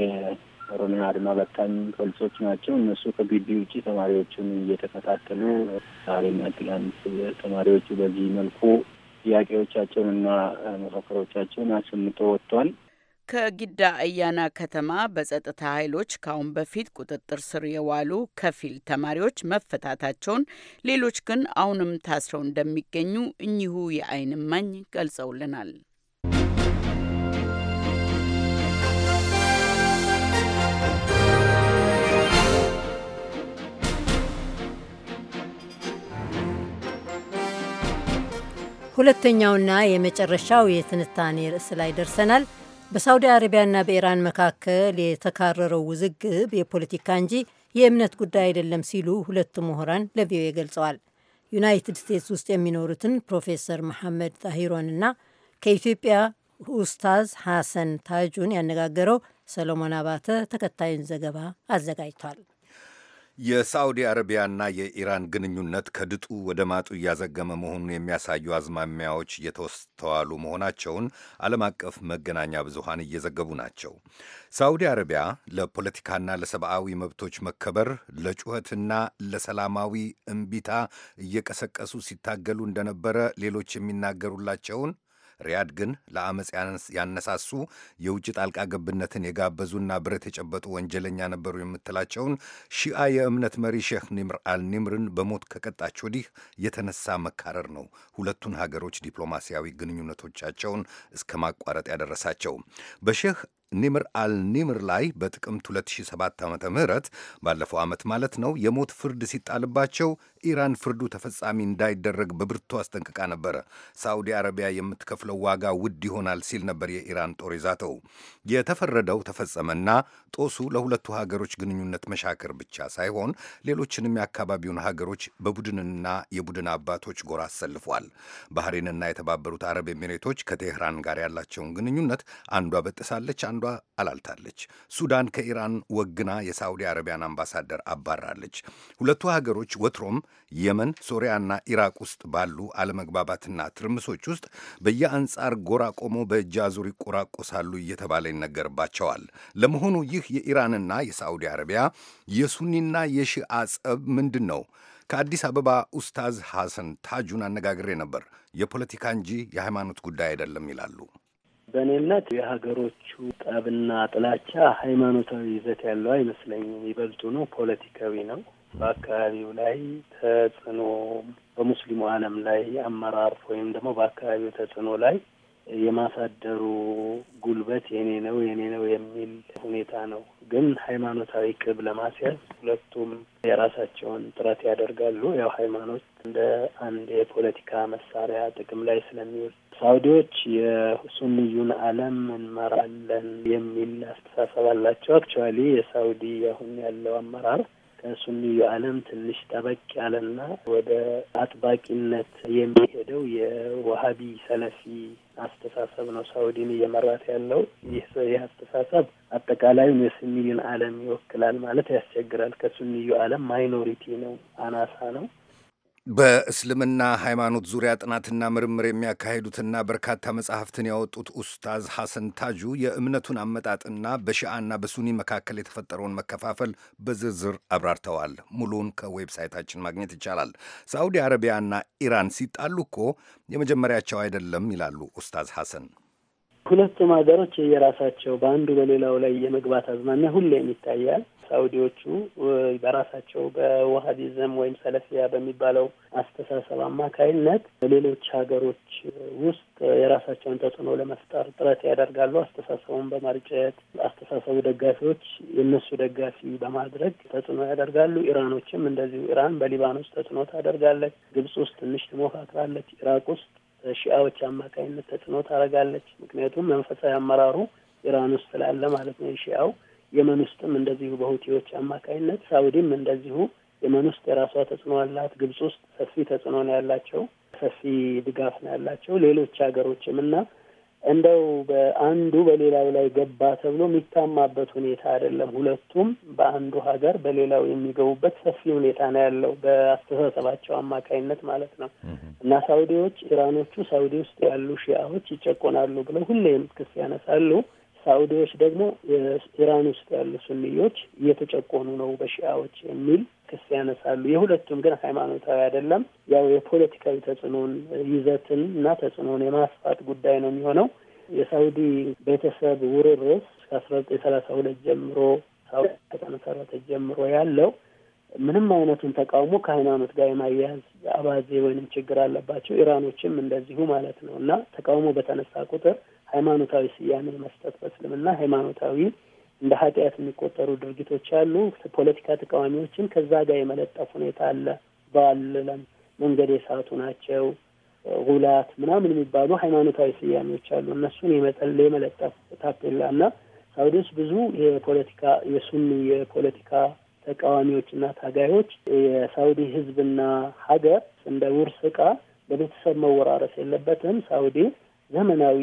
የኦሮሚያ አድማ በታኝ ፖሊሶች ናቸው። እነሱ ከግቢ ውጭ ተማሪዎቹን እየተከታተሉ ዛሬና ትላንት ተማሪዎቹ በዚህ መልኩ ጥያቄዎቻቸውንና መፈክሮቻቸውን አሰምቶ ወጥቷል። ከጊዳ አያና ከተማ በጸጥታ ኃይሎች ከአሁን በፊት ቁጥጥር ስር የዋሉ ከፊል ተማሪዎች መፈታታቸውን፣ ሌሎች ግን አሁንም ታስረው እንደሚገኙ እኚሁ የአይን እማኝ ገልጸውልናል። ሁለተኛውና የመጨረሻው የትንታኔ ርዕስ ላይ ደርሰናል። በሳውዲ አረቢያና በኢራን መካከል የተካረረው ውዝግብ የፖለቲካ እንጂ የእምነት ጉዳይ አይደለም ሲሉ ሁለቱ ምሁራን ለቪኦኤ ገልጸዋል። ዩናይትድ ስቴትስ ውስጥ የሚኖሩትን ፕሮፌሰር መሐመድ ጣሂሮንና ከኢትዮጵያ ኡስታዝ ሐሰን ታጁን ያነጋገረው ሰሎሞን አባተ ተከታዩን ዘገባ አዘጋጅቷል። የሳዑዲ አረቢያና የኢራን ግንኙነት ከድጡ ወደ ማጡ እያዘገመ መሆኑን የሚያሳዩ አዝማሚያዎች እየተስተዋሉ መሆናቸውን ዓለም አቀፍ መገናኛ ብዙሃን እየዘገቡ ናቸው። ሳዑዲ አረቢያ ለፖለቲካና ለሰብአዊ መብቶች መከበር ለጩኸትና ለሰላማዊ እምቢታ እየቀሰቀሱ ሲታገሉ እንደነበረ ሌሎች የሚናገሩላቸውን ሪያድ ግን ለአመፅ ያነሳሱ የውጭ ጣልቃ ገብነትን የጋበዙና ብረት የጨበጡ ወንጀለኛ ነበሩ የምትላቸውን ሺአ የእምነት መሪ ሼህ ኒምር አልኒምርን በሞት ከቀጣች ወዲህ የተነሳ መካረር ነው ሁለቱን ሀገሮች ዲፕሎማሲያዊ ግንኙነቶቻቸውን እስከ ማቋረጥ ያደረሳቸው። በሼህ ኒምር አልኒምር ላይ በጥቅምት 2007 ዓ ም ባለፈው ዓመት ማለት ነው የሞት ፍርድ ሲጣልባቸው ኢራን ፍርዱ ተፈጻሚ እንዳይደረግ በብርቱ አስጠንቅቃ ነበረ። ሳዑዲ አረቢያ የምትከፍለው ዋጋ ውድ ይሆናል ሲል ነበር የኢራን ጦር ይዛተው። የተፈረደው ተፈጸመና ጦሱ ለሁለቱ ሀገሮች ግንኙነት መሻከር ብቻ ሳይሆን ሌሎችንም የአካባቢውን ሀገሮች በቡድንና የቡድን አባቶች ጎራ አሰልፏል። ባህሬንና የተባበሩት አረብ ኤሚሬቶች ከቴህራን ጋር ያላቸውን ግንኙነት አንዷ በጥሳለች፣ አንዷ አላልታለች። ሱዳን ከኢራን ወግና የሳዑዲ አረቢያን አምባሳደር አባራለች። ሁለቱ ሀገሮች ወትሮም የመን፣ ሶሪያና ኢራቅ ውስጥ ባሉ አለመግባባትና ትርምሶች ውስጥ በየአንጻር ጎራ ቆሞ በእጅ አዙር ይቆራቆሳሉ እየተባለ ይነገርባቸዋል። ለመሆኑ ይህ የኢራንና የሳዑዲ አረቢያ የሱኒና የሺአ ጸብ ምንድን ነው? ከአዲስ አበባ ኡስታዝ ሐሰን ታጁን አነጋግሬ ነበር። የፖለቲካ እንጂ የሃይማኖት ጉዳይ አይደለም ይላሉ። በእኔ እምነት የሀገሮቹ ጠብና ጥላቻ ሃይማኖታዊ ይዘት ያለው አይመስለኝም። ይበልጡ ነው ፖለቲካዊ ነው። በአካባቢው ላይ ተጽዕኖ በሙስሊሙ ዓለም ላይ አመራር ወይም ደግሞ በአካባቢው ተጽዕኖ ላይ የማሳደሩ ጉልበት የኔ ነው የኔ ነው የሚል ሁኔታ ነው። ግን ሃይማኖታዊ ቅብ ለማስያዝ ሁለቱም የራሳቸውን ጥረት ያደርጋሉ። ያው ሃይማኖት እንደ አንድ የፖለቲካ መሳሪያ ጥቅም ላይ ስለሚውል ሳውዲዎች የሱንዩን ዓለም እንመራለን የሚል አስተሳሰብ አላቸው። አክቹዋሊ የሳውዲ አሁን ያለው አመራር ከሱንዩ ዓለም ትንሽ ጠበቅ ያለና ወደ አጥባቂነት የሚሄደው የዋሀቢ ሰለፊ አስተሳሰብ ነው ሳውዲን እየመራት ያለው። ይህ አስተሳሰብ አጠቃላዩን የሱንዩን ዓለም ይወክላል ማለት ያስቸግራል። ከሱንዩ ዓለም ማይኖሪቲ ነው፣ አናሳ ነው። በእስልምና ሃይማኖት ዙሪያ ጥናትና ምርምር የሚያካሂዱትና በርካታ መጽሐፍትን ያወጡት ኡስታዝ ሐሰን ታጁ የእምነቱን አመጣጥና በሺአና በሱኒ መካከል የተፈጠረውን መከፋፈል በዝርዝር አብራርተዋል። ሙሉውን ከዌብሳይታችን ማግኘት ይቻላል። ሳዑዲ አረቢያና ኢራን ሲጣሉ እኮ የመጀመሪያቸው አይደለም ይላሉ ኡስታዝ ሐሰን። ሁለቱም ሀገሮች የራሳቸው በአንዱ በሌላው ላይ የመግባት አዝማሚያ ሁሌም ይታያል። ሳውዲዎቹ በራሳቸው በዋሀቢዝም ወይም ሰለፊያ በሚባለው አስተሳሰብ አማካይነት ሌሎች ሀገሮች ውስጥ የራሳቸውን ተጽዕኖ ለመፍጠር ጥረት ያደርጋሉ። አስተሳሰቡን በማርጨት አስተሳሰቡ ደጋፊዎች የእነሱ ደጋፊ በማድረግ ተጽዕኖ ያደርጋሉ። ኢራኖችም እንደዚሁ ኢራን በሊባን ውስጥ ተጽዕኖ ታደርጋለች። ግብጽ ውስጥ ትንሽ ትሞካክራለች። ኢራቅ ውስጥ በሺአዎች አማካይነት ተጽዕኖ ታደርጋለች። ምክንያቱም መንፈሳዊ አመራሩ ኢራን ውስጥ ስላለ ማለት ነው የሺአው የመን ውስጥም እንደዚሁ በሁቲዎች አማካኝነት ሳውዲም እንደዚሁ የመን ውስጥ የራሷ ተጽዕኖ አላት። ግብጽ ውስጥ ሰፊ ተጽዕኖ ነው ያላቸው፣ ሰፊ ድጋፍ ነው ያላቸው ሌሎች ሀገሮችም እና እንደው በአንዱ በሌላው ላይ ገባ ተብሎ የሚታማበት ሁኔታ አይደለም። ሁለቱም በአንዱ ሀገር በሌላው የሚገቡበት ሰፊ ሁኔታ ነው ያለው በአስተሳሰባቸው አማካኝነት ማለት ነው። እና ሳውዲዎች ኢራኖቹ ሳውዲ ውስጥ ያሉ ሺአዎች ይጨቆናሉ ብለው ሁሌም ክስ ያነሳሉ። ሳኡዲዎች ደግሞ ኢራን ውስጥ ያሉ ሱኒዎች እየተጨቆኑ ነው በሺአዎች የሚል ክስ ያነሳሉ። የሁለቱም ግን ሃይማኖታዊ አይደለም። ያው የፖለቲካዊ ተጽዕኖን ይዘትን እና ተጽዕኖን የማስፋት ጉዳይ ነው የሚሆነው። የሳኡዲ ቤተሰብ ውርርስ ከአስራ ዘጠኝ ሰላሳ ሁለት ጀምሮ ሳኡዲ ከተመሰረተ ጀምሮ ያለው ምንም አይነቱን ተቃውሞ ከሃይማኖት ጋር የማያያዝ አባዜ ወይንም ችግር አለባቸው። ኢራኖችም እንደዚሁ ማለት ነው እና ተቃውሞ በተነሳ ቁጥር ሃይማኖታዊ ስያሜ መስጠት በእስልምና ሃይማኖታዊ እንደ ኃጢአት የሚቆጠሩ ድርጊቶች አሉ። ፖለቲካ ተቃዋሚዎችን ከዛ ጋር የመለጠፍ ሁኔታ አለ። በአለለም መንገድ የሳቱ ናቸው፣ ሁላት ምናምን የሚባሉ ሃይማኖታዊ ስያሜዎች አሉ። እነሱን የመለጠፍ ታፔላ እና ሳውዲ ውስጥ ብዙ የፖለቲካ የሱኒ የፖለቲካ ተቃዋሚዎችና ታጋዮች የሳውዲ ህዝብና ሀገር እንደ ውርስ ዕቃ በቤተሰብ መወራረስ የለበትም ሳውዲ ዘመናዊ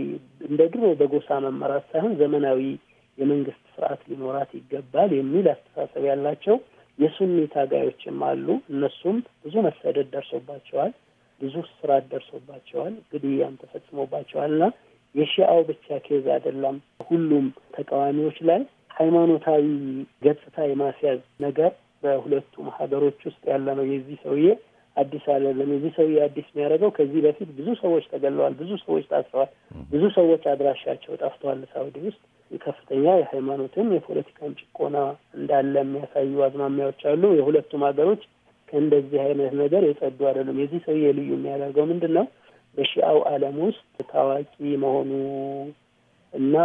እንደ ድሮ በጎሳ መመራት ሳይሆን ዘመናዊ የመንግስት ስርዓት ሊኖራት ይገባል የሚል አስተሳሰብ ያላቸው የሱኒ ታጋዮችም አሉ። እነሱም ብዙ መሰደድ ደርሶባቸዋል፣ ብዙ ስራት ደርሶባቸዋል፣ ግድያም ተፈጽሞባቸዋል እና የሺአው ብቻ ኬዝ አይደለም። ሁሉም ተቃዋሚዎች ላይ ሃይማኖታዊ ገጽታ የማስያዝ ነገር በሁለቱም ሀገሮች ውስጥ ያለ ነው። የዚህ ሰውዬ አዲስ አይደለም። የዚህ ሰውዬ አዲስ የሚያደርገው ከዚህ በፊት ብዙ ሰዎች ተገለዋል፣ ብዙ ሰዎች ታስረዋል፣ ብዙ ሰዎች አድራሻቸው ጠፍተዋል። ሳውዲ ውስጥ ከፍተኛ የሃይማኖትን የፖለቲካን ጭቆና እንዳለ የሚያሳዩ አዝማሚያዎች አሉ። የሁለቱም ሀገሮች ከእንደዚህ አይነት ነገር የጸዱ አይደሉም። የዚህ ሰውዬ ልዩ የሚያደርገው ምንድን ነው? በሺአው ዓለም ውስጥ ታዋቂ መሆኑ እና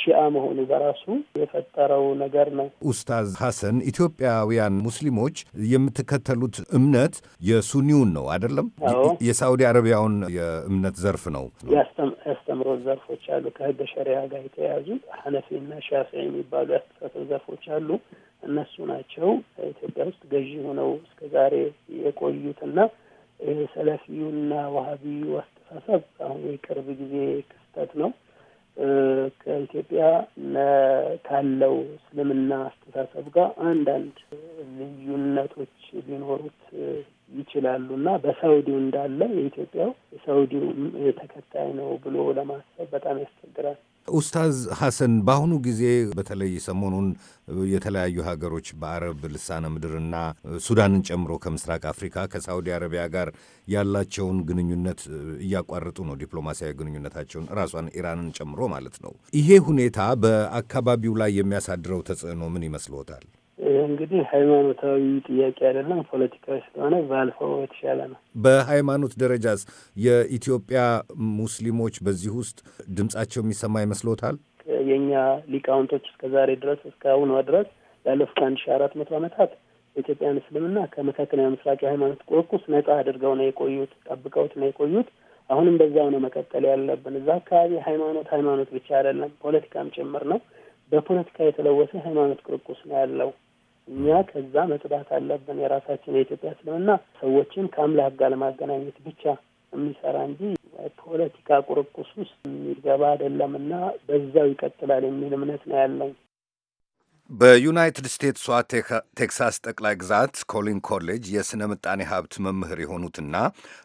ሺአ መሆኑ በራሱ የፈጠረው ነገር ነው። ኡስታዝ ሐሰን ኢትዮጵያውያን ሙስሊሞች የምትከተሉት እምነት የሱኒውን ነው አይደለም? የሳዑዲ አረቢያውን የእምነት ዘርፍ ነው። ያስተምሮ ዘርፎች አሉ ከህገ ሸሪያ ጋር የተያያዙ ሐነፊና ሻፊ የሚባሉ ያስተሳሰብ ዘርፎች አሉ። እነሱ ናቸው ኢትዮጵያ ውስጥ ገዢ ሆነው እስከ ዛሬ የቆዩትና ሰለፊዩና ዋሀቢዩ አስተሳሰብ አሁን የቅርብ ጊዜ ክስተት ነው። ከኢትዮጵያ ካለው እስልምና አስተሳሰብ ጋር አንዳንድ ልዩነቶች ሊኖሩት ይችላሉ እና በሳውዲው እንዳለ የኢትዮጵያው የሳውዲው ተከታይ ነው ብሎ ለማሰብ በጣም ያስቸግራል። ኡስታዝ ሐሰን በአሁኑ ጊዜ በተለይ ሰሞኑን የተለያዩ ሀገሮች በአረብ ልሳነ ምድርና ሱዳንን ጨምሮ ከምስራቅ አፍሪካ ከሳውዲ አረቢያ ጋር ያላቸውን ግንኙነት እያቋረጡ ነው፣ ዲፕሎማሲያዊ ግንኙነታቸውን ራሷን ኢራንን ጨምሮ ማለት ነው። ይሄ ሁኔታ በአካባቢው ላይ የሚያሳድረው ተጽዕኖ ምን ይመስልዎታል? ይህ እንግዲህ ሃይማኖታዊ ጥያቄ አይደለም፣ ፖለቲካዊ ስለሆነ ባልፈው የተሻለ ነው። በሃይማኖት ደረጃስ የኢትዮጵያ ሙስሊሞች በዚህ ውስጥ ድምጻቸው የሚሰማ ይመስሎታል? የእኛ ሊቃውንቶች እስከ ዛሬ ድረስ እስከ አሁኗ ድረስ ያለፉት አንድ ሺ አራት መቶ ዓመታት የኢትዮጵያን እስልምና ከመካከለኛ ምስራቅ የሃይማኖት ቁርቁስ ነጻ አድርገው ነው የቆዩት፣ ጠብቀውት ነው የቆዩት። አሁንም በዛው ነው መቀጠል ያለብን። እዛ አካባቢ ሃይማኖት ሃይማኖት ብቻ አይደለም፣ ፖለቲካም ጭምር ነው። በፖለቲካ የተለወሰ ሃይማኖት ቁርቁስ ነው ያለው። እኛ ከዛ መጽዳት አለብን። የራሳችን የኢትዮጵያ እስልምና ሰዎችን ከአምላክ ጋር ለማገናኘት ብቻ የሚሰራ እንጂ ፖለቲካ ቁርቁስ ውስጥ የሚገባ አይደለም እና በዛው ይቀጥላል የሚል እምነት ነው ያለኝ። በዩናይትድ ስቴትሷ ቴክሳስ ጠቅላይ ግዛት ኮሊን ኮሌጅ የሥነ ምጣኔ ሀብት መምህር የሆኑትና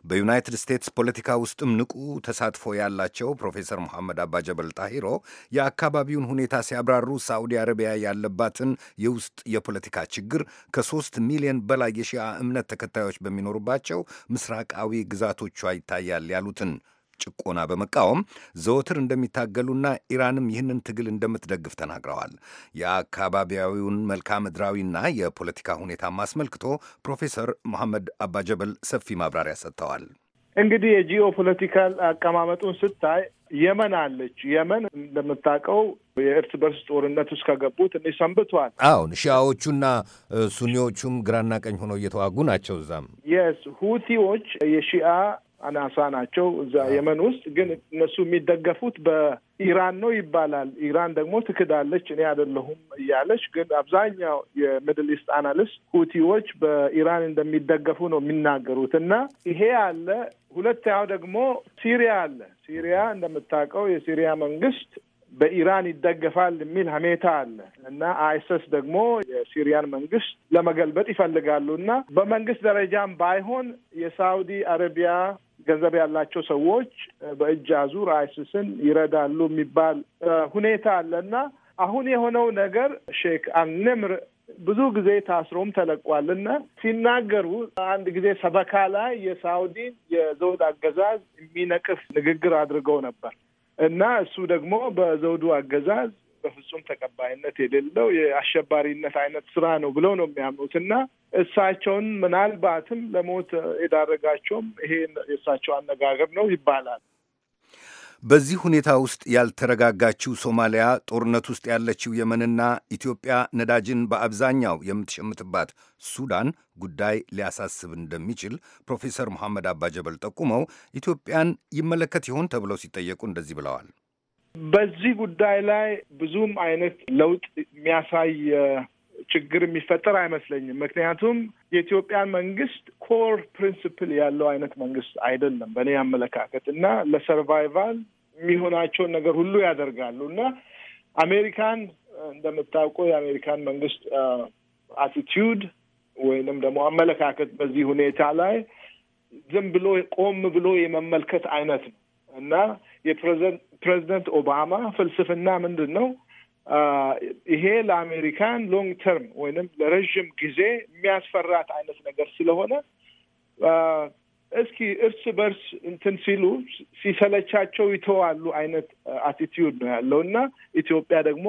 በዩናይትድ ስቴትስ ፖለቲካ ውስጥም ንቁ ተሳትፎ ያላቸው ፕሮፌሰር መሐመድ አባጀበል ጣሂሮ የአካባቢውን ሁኔታ ሲያብራሩ ሳዑዲ አረቢያ ያለባትን የውስጥ የፖለቲካ ችግር ከሶስት ሚሊዮን በላይ የሺዓ እምነት ተከታዮች በሚኖሩባቸው ምስራቃዊ ግዛቶቿ ይታያል ያሉትን ጭቆና በመቃወም ዘወትር እንደሚታገሉና ኢራንም ይህንን ትግል እንደምትደግፍ ተናግረዋል። የአካባቢያዊውን መልክዓ ምድራዊና የፖለቲካ ሁኔታም አስመልክቶ ፕሮፌሰር መሐመድ አባጀበል ሰፊ ማብራሪያ ሰጥተዋል። እንግዲህ የጂኦ ፖለቲካል አቀማመጡን ስታይ የመን አለች። የመን እንደምታውቀው የእርስ በርስ ጦርነት ውስጥ ከገቡ ትንሽ ሰንብቷል። አሁን ሺያዎቹና ሱኒዎቹም ግራና ቀኝ ሆነው እየተዋጉ ናቸው። እዛም የስ ሁቲዎች የሺአ አናሳ ናቸው። እዛ የመን ውስጥ ግን እነሱ የሚደገፉት በኢራን ነው ይባላል። ኢራን ደግሞ ትክዳለች፣ እኔ አይደለሁም እያለች ግን አብዛኛው የሚድል ኢስት አናሊስት ሁቲዎች በኢራን እንደሚደገፉ ነው የሚናገሩት። እና ይሄ አለ። ሁለተኛው ደግሞ ሲሪያ አለ። ሲሪያ እንደምታውቀው የሲሪያ መንግስት በኢራን ይደገፋል የሚል ሀሜታ አለ እና አይሰስ ደግሞ የሲሪያን መንግስት ለመገልበጥ ይፈልጋሉ እና በመንግስት ደረጃም ባይሆን የሳውዲ አረቢያ ገንዘብ ያላቸው ሰዎች በእጅ አዙር አይሲስን ይረዳሉ የሚባል ሁኔታ አለና አሁን የሆነው ነገር ሼክ አንምር ብዙ ጊዜ ታስሮም ተለቋልና ሲናገሩ አንድ ጊዜ ሰበካ ላይ የሳውዲን የዘውድ አገዛዝ የሚነቅፍ ንግግር አድርገው ነበር እና እሱ ደግሞ በዘውዱ አገዛዝ በፍጹም ተቀባይነት የሌለው የአሸባሪነት አይነት ስራ ነው ብለው ነው የሚያምኑት እና እሳቸውን ምናልባትም ለሞት የዳረጋቸውም ይሄ የእሳቸው አነጋገር ነው ይባላል። በዚህ ሁኔታ ውስጥ ያልተረጋጋችው ሶማሊያ፣ ጦርነት ውስጥ ያለችው የመንና ኢትዮጵያ ነዳጅን በአብዛኛው የምትሸምትባት ሱዳን ጉዳይ ሊያሳስብ እንደሚችል ፕሮፌሰር መሐመድ አባ ጀበል ጠቁመው ኢትዮጵያን ይመለከት ይሆን ተብለው ሲጠየቁ እንደዚህ ብለዋል። በዚህ ጉዳይ ላይ ብዙም አይነት ለውጥ የሚያሳይ ችግር የሚፈጠር አይመስለኝም። ምክንያቱም የኢትዮጵያ መንግስት ኮር ፕሪንስፕል ያለው አይነት መንግስት አይደለም በእኔ አመለካከት እና ለሰርቫይቫል የሚሆናቸውን ነገር ሁሉ ያደርጋሉ እና አሜሪካን እንደምታውቀው የአሜሪካን መንግስት አቲቲዩድ ወይንም ደግሞ አመለካከት በዚህ ሁኔታ ላይ ዝም ብሎ ቆም ብሎ የመመልከት አይነት ነው። እና የፕሬዚደንት ኦባማ ፍልስፍና ምንድን ነው? ይሄ ለአሜሪካን ሎንግ ተርም ወይንም ለረዥም ጊዜ የሚያስፈራት አይነት ነገር ስለሆነ እስኪ እርስ በርስ እንትን ሲሉ ሲሰለቻቸው ይተዋሉ አይነት አቲቲዩድ ነው ያለው እና ኢትዮጵያ ደግሞ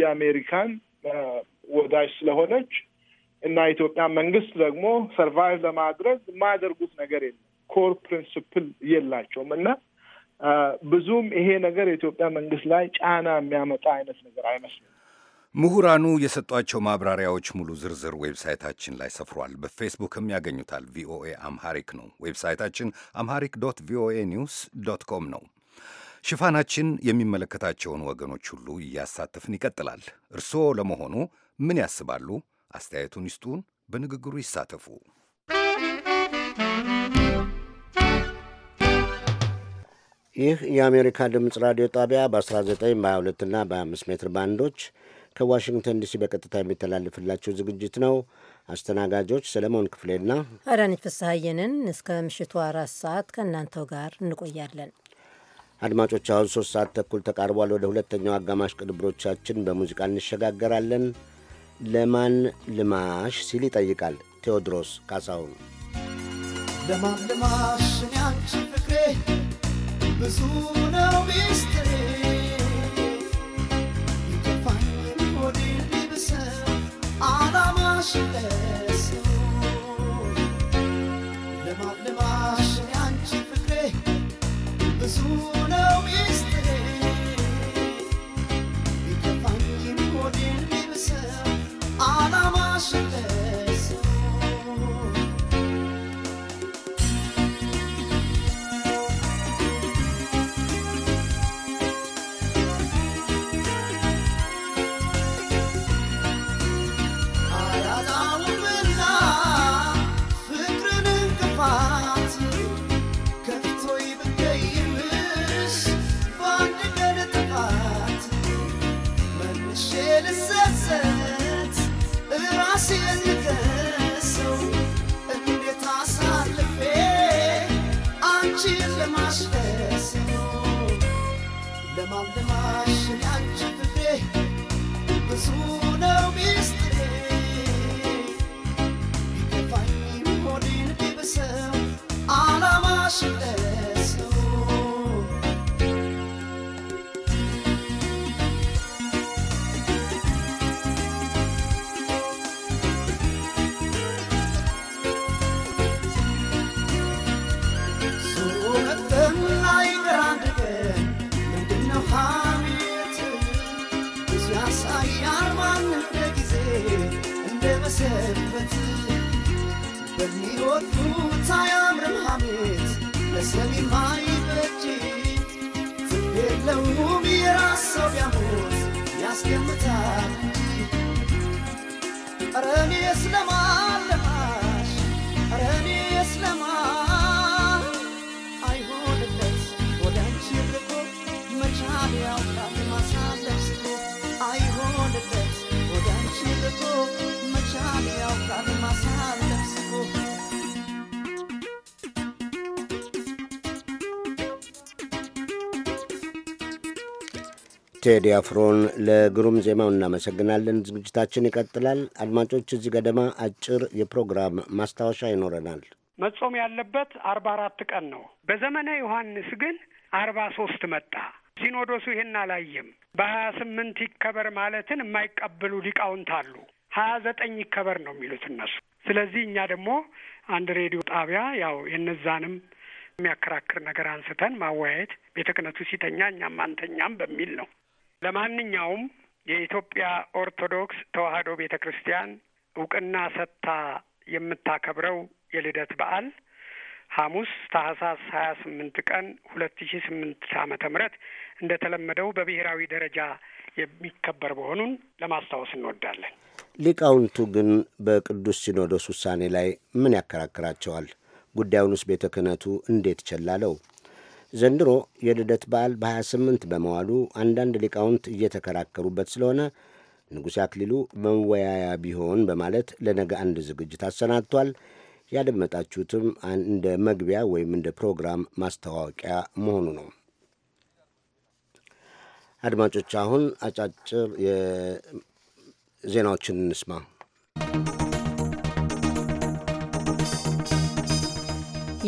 የአሜሪካን ወዳጅ ስለሆነች እና የኢትዮጵያ መንግስት ደግሞ ሰርቫይቭ ለማድረግ የማያደርጉት ነገር የለም። ኮር ፕሪንስፕል የላቸውም እና ብዙም ይሄ ነገር የኢትዮጵያ መንግስት ላይ ጫና የሚያመጣ አይነት ነገር አይመስልም። ምሁራኑ የሰጧቸው ማብራሪያዎች ሙሉ ዝርዝር ዌብሳይታችን ላይ ሰፍሯል። በፌስቡክም ያገኙታል። ቪኦኤ አምሃሪክ ነው ዌብሳይታችን። አምሃሪክ ዶት ቪኦኤ ኒውስ ዶት ኮም ነው። ሽፋናችን የሚመለከታቸውን ወገኖች ሁሉ እያሳተፍን ይቀጥላል። እርስዎ ለመሆኑ ምን ያስባሉ? አስተያየቱን ይስጡን፣ በንግግሩ ይሳተፉ። ይህ የአሜሪካ ድምፅ ራዲዮ ጣቢያ በ19 በ22 እና በ25 ሜትር ባንዶች ከዋሽንግተን ዲሲ በቀጥታ የሚተላለፍላቸው ዝግጅት ነው። አስተናጋጆች ሰለሞን ክፍሌና አዳነች ፍስሐየንን እስከ ምሽቱ አራት ሰዓት ከእናንተው ጋር እንቆያለን። አድማጮች አሁን ሶስት ሰዓት ተኩል ተቃርቧል። ወደ ሁለተኛው አጋማሽ ቅንብሮቻችን በሙዚቃ እንሸጋገራለን። ለማን ልማሽ ሲል ይጠይቃል ቴዎድሮስ ካሳሁን ለማን ልማሽ ብዙ ነው ሚስጥሬ ይከፋኝ ወዲህ ቢብሰ አላማሽ ማልማሽ ያንቺ ፍቅሬ ብዙ ነው ቴዲ አፍሮን ለግሩም ዜማው እናመሰግናለን። ዝግጅታችን ይቀጥላል። አድማጮች፣ እዚህ ገደማ አጭር የፕሮግራም ማስታወሻ ይኖረናል። መጾም ያለበት አርባ አራት ቀን ነው። በዘመነ ዮሐንስ ግን አርባ ሶስት መጣ። ሲኖዶሱ ይህን አላየም። በሀያ ስምንት ይከበር ማለትን የማይቀበሉ ሊቃውንት አሉ። ሀያ ዘጠኝ ይከበር ነው የሚሉት እነሱ። ስለዚህ እኛ ደግሞ አንድ ሬዲዮ ጣቢያ ያው የነዛንም የሚያከራክር ነገር አንስተን ማወያየት ቤተ ክህነቱ ሲተኛ እኛም አንተኛም በሚል ነው ለማንኛውም የኢትዮጵያ ኦርቶዶክስ ተዋህዶ ቤተ ክርስቲያን እውቅና ሰጥታ የምታከብረው የልደት በዓል ሐሙስ ታህሳስ ሀያ ስምንት ቀን ሁለት ሺ ስምንት ዓመተ ምህረት እንደ ተለመደው በብሔራዊ ደረጃ የሚከበር መሆኑን ለማስታወስ እንወዳለን። ሊቃውንቱ ግን በቅዱስ ሲኖዶስ ውሳኔ ላይ ምን ያከራክራቸዋል? ጉዳዩንስ ቤተ ክህነቱ እንዴት ቸላለው? ዘንድሮ የልደት በዓል በ28 በመዋሉ አንዳንድ ሊቃውንት እየተከራከሩበት ስለሆነ ንጉሥ አክሊሉ መወያያ ቢሆን በማለት ለነገ አንድ ዝግጅት አሰናድቷል። ያደመጣችሁትም እንደ መግቢያ ወይም እንደ ፕሮግራም ማስተዋወቂያ መሆኑ ነው። አድማጮች፣ አሁን አጫጭር ዜናዎችን እንስማ።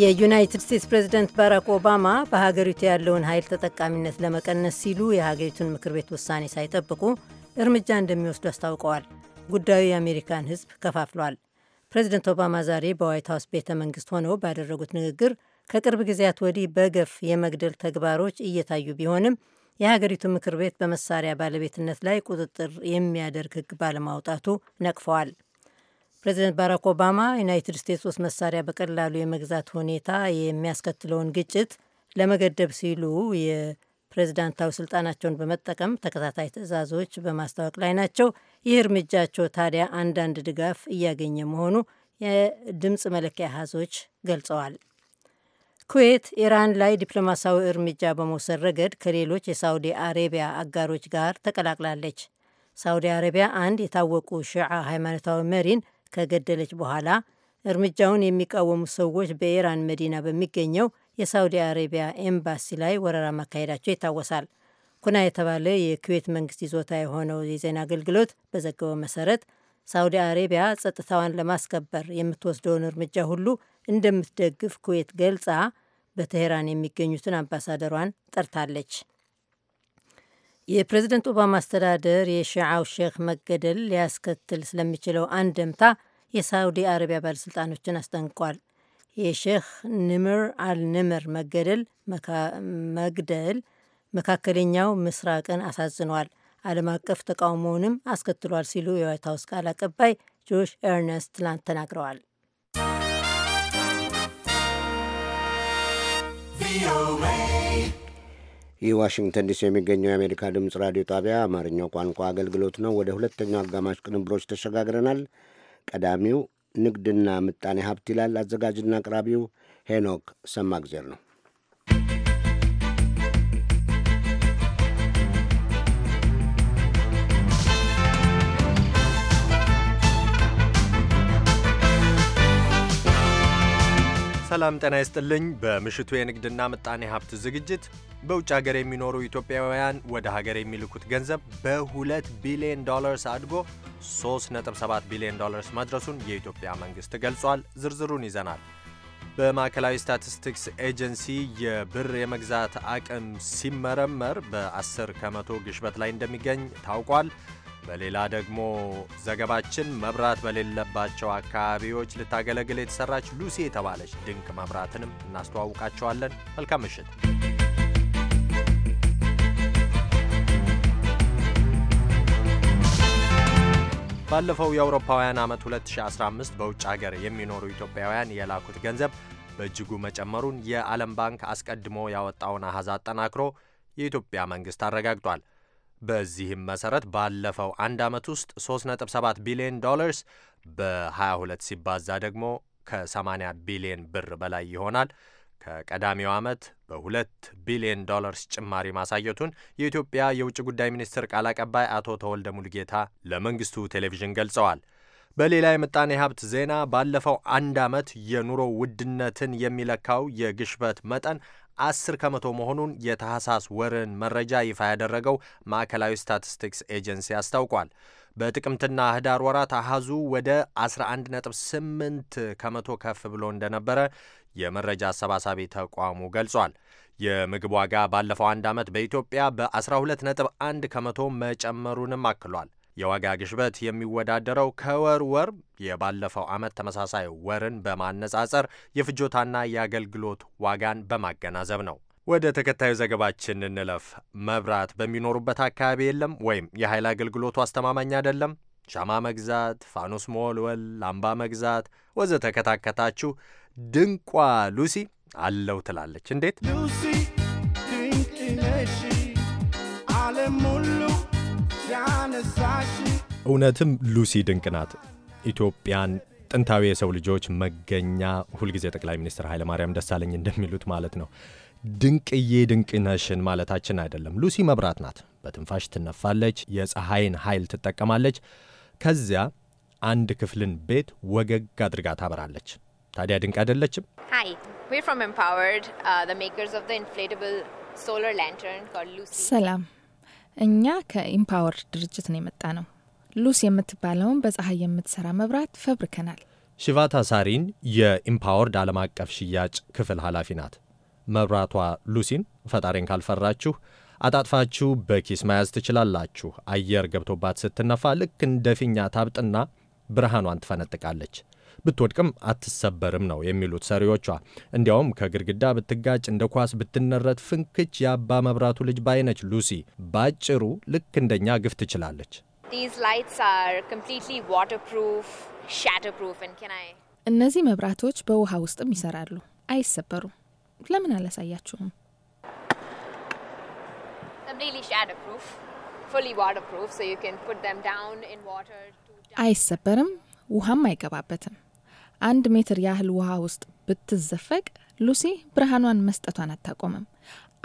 የዩናይትድ ስቴትስ ፕሬዚደንት ባራክ ኦባማ በሀገሪቱ ያለውን ኃይል ተጠቃሚነት ለመቀነስ ሲሉ የሀገሪቱን ምክር ቤት ውሳኔ ሳይጠብቁ እርምጃ እንደሚወስዱ አስታውቀዋል። ጉዳዩ የአሜሪካን ሕዝብ ከፋፍሏል። ፕሬዚደንት ኦባማ ዛሬ በዋይት ሀውስ ቤተ መንግስት ሆነው ባደረጉት ንግግር ከቅርብ ጊዜያት ወዲህ በገፍ የመግደል ተግባሮች እየታዩ ቢሆንም የሀገሪቱ ምክር ቤት በመሳሪያ ባለቤትነት ላይ ቁጥጥር የሚያደርግ ሕግ ባለማውጣቱ ነቅፈዋል። ፕሬዚደንት ባራክ ኦባማ ዩናይትድ ስቴትስ ውስጥ መሳሪያ በቀላሉ የመግዛት ሁኔታ የሚያስከትለውን ግጭት ለመገደብ ሲሉ የፕሬዚዳንታዊ ስልጣናቸውን በመጠቀም ተከታታይ ትዕዛዞች በማስታወቅ ላይ ናቸው። ይህ እርምጃቸው ታዲያ አንዳንድ ድጋፍ እያገኘ መሆኑ የድምፅ መለኪያ አሃዞች ገልጸዋል። ኩዌት ኢራን ላይ ዲፕሎማሲያዊ እርምጃ በመውሰድ ረገድ ከሌሎች የሳውዲ አሬቢያ አጋሮች ጋር ተቀላቅላለች። ሳውዲ አረቢያ አንድ የታወቁ ሽዓ ሃይማኖታዊ መሪን ከገደለች በኋላ እርምጃውን የሚቃወሙ ሰዎች በኢራን መዲና በሚገኘው የሳውዲ አረቢያ ኤምባሲ ላይ ወረራ ማካሄዳቸው ይታወሳል። ኩና የተባለ የኩዌት መንግስት ይዞታ የሆነው የዜና አገልግሎት በዘገበው መሰረት ሳውዲ አረቢያ ጸጥታዋን ለማስከበር የምትወስደውን እርምጃ ሁሉ እንደምትደግፍ ኩዌት ገልጻ በቴሄራን የሚገኙትን አምባሳደሯን ጠርታለች። የፕሬዝደንት ኦባማ አስተዳደር የሺዓው ሼክ መገደል ሊያስከትል ስለሚችለው አንድምታ የሳውዲ አረቢያ ባለሥልጣኖችን አስጠንቋል። የሼክ ንምር አልንምር መገደል መግደል መካከለኛው ምስራቅን አሳዝኗል፣ ዓለም አቀፍ ተቃውሞውንም አስከትሏል ሲሉ የዋይት ሀውስ ቃል አቀባይ ጆሽ ኤርነስት ትላንት ተናግረዋል። ቪኦኤ ይህ ዋሽንግተን ዲሲ የሚገኘው የአሜሪካ ድምፅ ራዲዮ ጣቢያ አማርኛው ቋንቋ አገልግሎት ነው። ወደ ሁለተኛው አጋማሽ ቅንብሮች ተሸጋግረናል። ቀዳሚው ንግድና ምጣኔ ሀብት ይላል። አዘጋጅና አቅራቢው ሄኖክ ሰማግዜር ነው። ሰላም ጤና ይስጥልኝ። በምሽቱ የንግድና ምጣኔ ሀብት ዝግጅት በውጭ ሀገር የሚኖሩ ኢትዮጵያውያን ወደ ሀገር የሚልኩት ገንዘብ በ2 ቢሊዮን ዶላርስ አድጎ 3.7 ቢሊዮን ዶላርስ መድረሱን የኢትዮጵያ መንግሥት ገልጿል። ዝርዝሩን ይዘናል። በማዕከላዊ ስታቲስቲክስ ኤጀንሲ የብር የመግዛት አቅም ሲመረመር በ10 ከመቶ ግሽበት ላይ እንደሚገኝ ታውቋል። በሌላ ደግሞ ዘገባችን መብራት በሌለባቸው አካባቢዎች ልታገለግል የተሰራች ሉሲ የተባለች ድንቅ መብራትንም እናስተዋውቃቸዋለን። መልካም ምሽት። ባለፈው የአውሮፓውያን ዓመት 2015 በውጭ ሀገር የሚኖሩ ኢትዮጵያውያን የላኩት ገንዘብ በእጅጉ መጨመሩን የዓለም ባንክ አስቀድሞ ያወጣውን አሃዝ አጠናክሮ የኢትዮጵያ መንግሥት አረጋግጧል። በዚህም መሰረት ባለፈው አንድ ዓመት ውስጥ 3.7 ቢሊዮን ዶላርስ በ22 ሲባዛ ደግሞ ከ80 ቢሊዮን ብር በላይ ይሆናል። ከቀዳሚው ዓመት በ2 ቢሊዮን ዶላርስ ጭማሪ ማሳየቱን የኢትዮጵያ የውጭ ጉዳይ ሚኒስትር ቃል አቀባይ አቶ ተወልደ ሙልጌታ ለመንግስቱ ቴሌቪዥን ገልጸዋል። በሌላ የምጣኔ ሀብት ዜና ባለፈው አንድ ዓመት የኑሮ ውድነትን የሚለካው የግሽበት መጠን 10 ከመቶ መሆኑን የታህሳስ ወርን መረጃ ይፋ ያደረገው ማዕከላዊ ስታቲስቲክስ ኤጀንሲ አስታውቋል። በጥቅምትና ህዳር ወራት አሃዙ ወደ 11.8 ከመቶ ከፍ ብሎ እንደነበረ የመረጃ አሰባሳቢ ተቋሙ ገልጿል። የምግብ ዋጋ ባለፈው አንድ ዓመት በኢትዮጵያ በ12.1 ከመቶ መጨመሩንም አክሏል። የዋጋ ግሽበት የሚወዳደረው ከወር ወር የባለፈው ዓመት ተመሳሳይ ወርን በማነጻጸር የፍጆታና የአገልግሎት ዋጋን በማገናዘብ ነው። ወደ ተከታዩ ዘገባችን እንለፍ። መብራት በሚኖሩበት አካባቢ የለም ወይም የኃይል አገልግሎቱ አስተማማኝ አይደለም፣ ሻማ መግዛት፣ ፋኖስ መወልወል፣ ላምባ መግዛት ወዘተ ከታከታችሁ ድንቋ ሉሲ አለው ትላለች። እንዴት ሉሲ ድንቅ ነሽ አለሙን እውነትም ሉሲ ድንቅ ናት። ኢትዮጵያን ጥንታዊ የሰው ልጆች መገኛ፣ ሁልጊዜ ጠቅላይ ሚኒስትር ኃይለማርያም ደሳለኝ እንደሚሉት ማለት ነው። ድንቅዬ ነሽን ማለታችን አይደለም። ሉሲ መብራት ናት። በትንፋሽ ትነፋለች፣ የፀሐይን ኃይል ትጠቀማለች። ከዚያ አንድ ክፍልን ቤት ወገግ አድርጋ ታበራለች። ታዲያ ድንቅ አይደለችም? Uh, ሰላም እኛ ከኢምፓወር ድርጅት ነው የመጣ ነው። ሉስ የምትባለውን በፀሐይ የምትሰራ መብራት ፈብርከናል። ሽቫታ ሳሪን የኢምፓወርድ ዓለም አቀፍ ሽያጭ ክፍል ኃላፊ ናት። መብራቷ ሉሲን ፈጣሪን ካልፈራችሁ አጣጥፋችሁ በኪስ መያዝ ትችላላችሁ፣ አየር ገብቶባት ስትነፋ ልክ እንደ ፊኛ ታብጥና ብርሃኗን ትፈነጥቃለች። ብትወድቅም አትሰበርም ነው የሚሉት ሰሪዎቿ። እንዲያውም ከግድግዳ ብትጋጭ፣ እንደ ኳስ ብትነረት ፍንክች የአባ መብራቱ ልጅ ባይነች ሉሲ ባጭሩ ልክ እንደኛ ግፍ ትችላለች። እነዚህ መብራቶች በውሃ ውስጥም ይሰራሉ፣ አይሰበሩም። ለምን አላሳያችሁም? አይሰበርም፣ ውሃም አይገባበትም። አንድ ሜትር ያህል ውሃ ውስጥ ብትዘፈቅ ሉሲ ብርሃኗን መስጠቷን አታቆምም።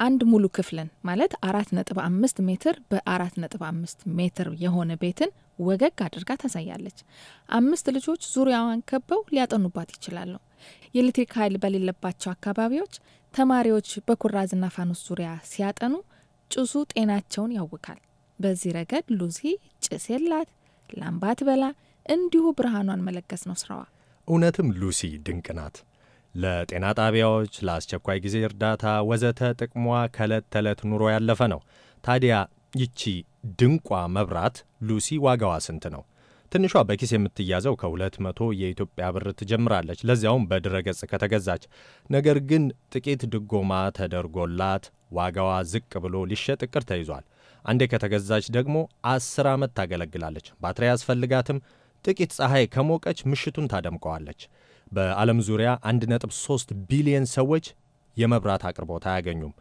አንድ ሙሉ ክፍልን ማለት አራት ነጥብ አምስት ሜትር በአራት ነጥብ አምስት ሜትር የሆነ ቤትን ወገግ አድርጋ ታሳያለች። አምስት ልጆች ዙሪያዋን ከበው ሊያጠኑባት ይችላሉ። የኤሌክትሪክ ኃይል በሌለባቸው አካባቢዎች ተማሪዎች በኩራዝና ፋኖስ ዙሪያ ሲያጠኑ ጭሱ ጤናቸውን ያውካል። በዚህ ረገድ ሉሲ ጭስ የላት ላምባት በላ እንዲሁ ብርሃኗን መለገስ ነው ስራዋ። እውነትም ሉሲ ድንቅ ናት። ለጤና ጣቢያዎች፣ ለአስቸኳይ ጊዜ እርዳታ ወዘተ ጥቅሟ ከዕለት ተዕለት ኑሮ ያለፈ ነው። ታዲያ ይቺ ድንቋ መብራት ሉሲ ዋጋዋ ስንት ነው? ትንሿ በኪስ የምትያዘው ከሁለት መቶ የኢትዮጵያ ብር ትጀምራለች። ለዚያውም በድረገጽ ከተገዛች። ነገር ግን ጥቂት ድጎማ ተደርጎላት ዋጋዋ ዝቅ ብሎ ሊሸጥ እቅድ ተይዟል። አንዴ ከተገዛች ደግሞ አስር ዓመት ታገለግላለች። ባትሪ አያስፈልጋትም። ጥቂት ፀሐይ ከሞቀች ምሽቱን ታደምቀዋለች። በዓለም ዙሪያ 1.3 ቢሊዮን ሰዎች የመብራት አቅርቦት አያገኙም።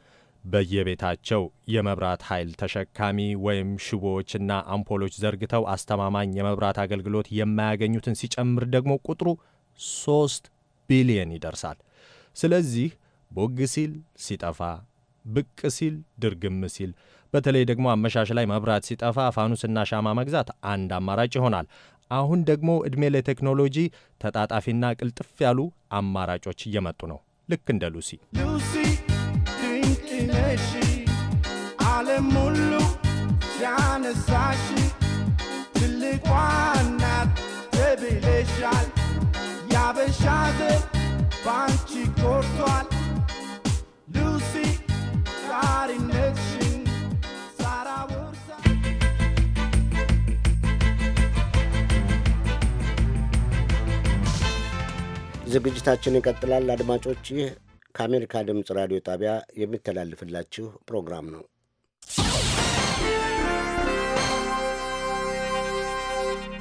በየቤታቸው የመብራት ኃይል ተሸካሚ ወይም ሽቦዎችና አምፖሎች ዘርግተው አስተማማኝ የመብራት አገልግሎት የማያገኙትን ሲጨምር ደግሞ ቁጥሩ 3 ቢሊየን ይደርሳል። ስለዚህ ቦግ ሲል ሲጠፋ፣ ብቅ ሲል ድርግም ሲል፣ በተለይ ደግሞ አመሻሽ ላይ መብራት ሲጠፋ ፋኑስና ሻማ መግዛት አንድ አማራጭ ይሆናል። አሁን ደግሞ ዕድሜ ለቴክኖሎጂ ተጣጣፊና ቅልጥፍ ያሉ አማራጮች እየመጡ ነው። ልክ እንደ ሉሲ ሉሲ ድንቅነሽ ዓለም ሁሉ ያነሳሽ ትልቋ እናት ተብለሻል። ያበሻዘ ባንቺ ኮርቷል። ዝግጅታችን ይቀጥላል። አድማጮች፣ ይህ ከአሜሪካ ድምፅ ራዲዮ ጣቢያ የሚተላልፍላችሁ ፕሮግራም ነው።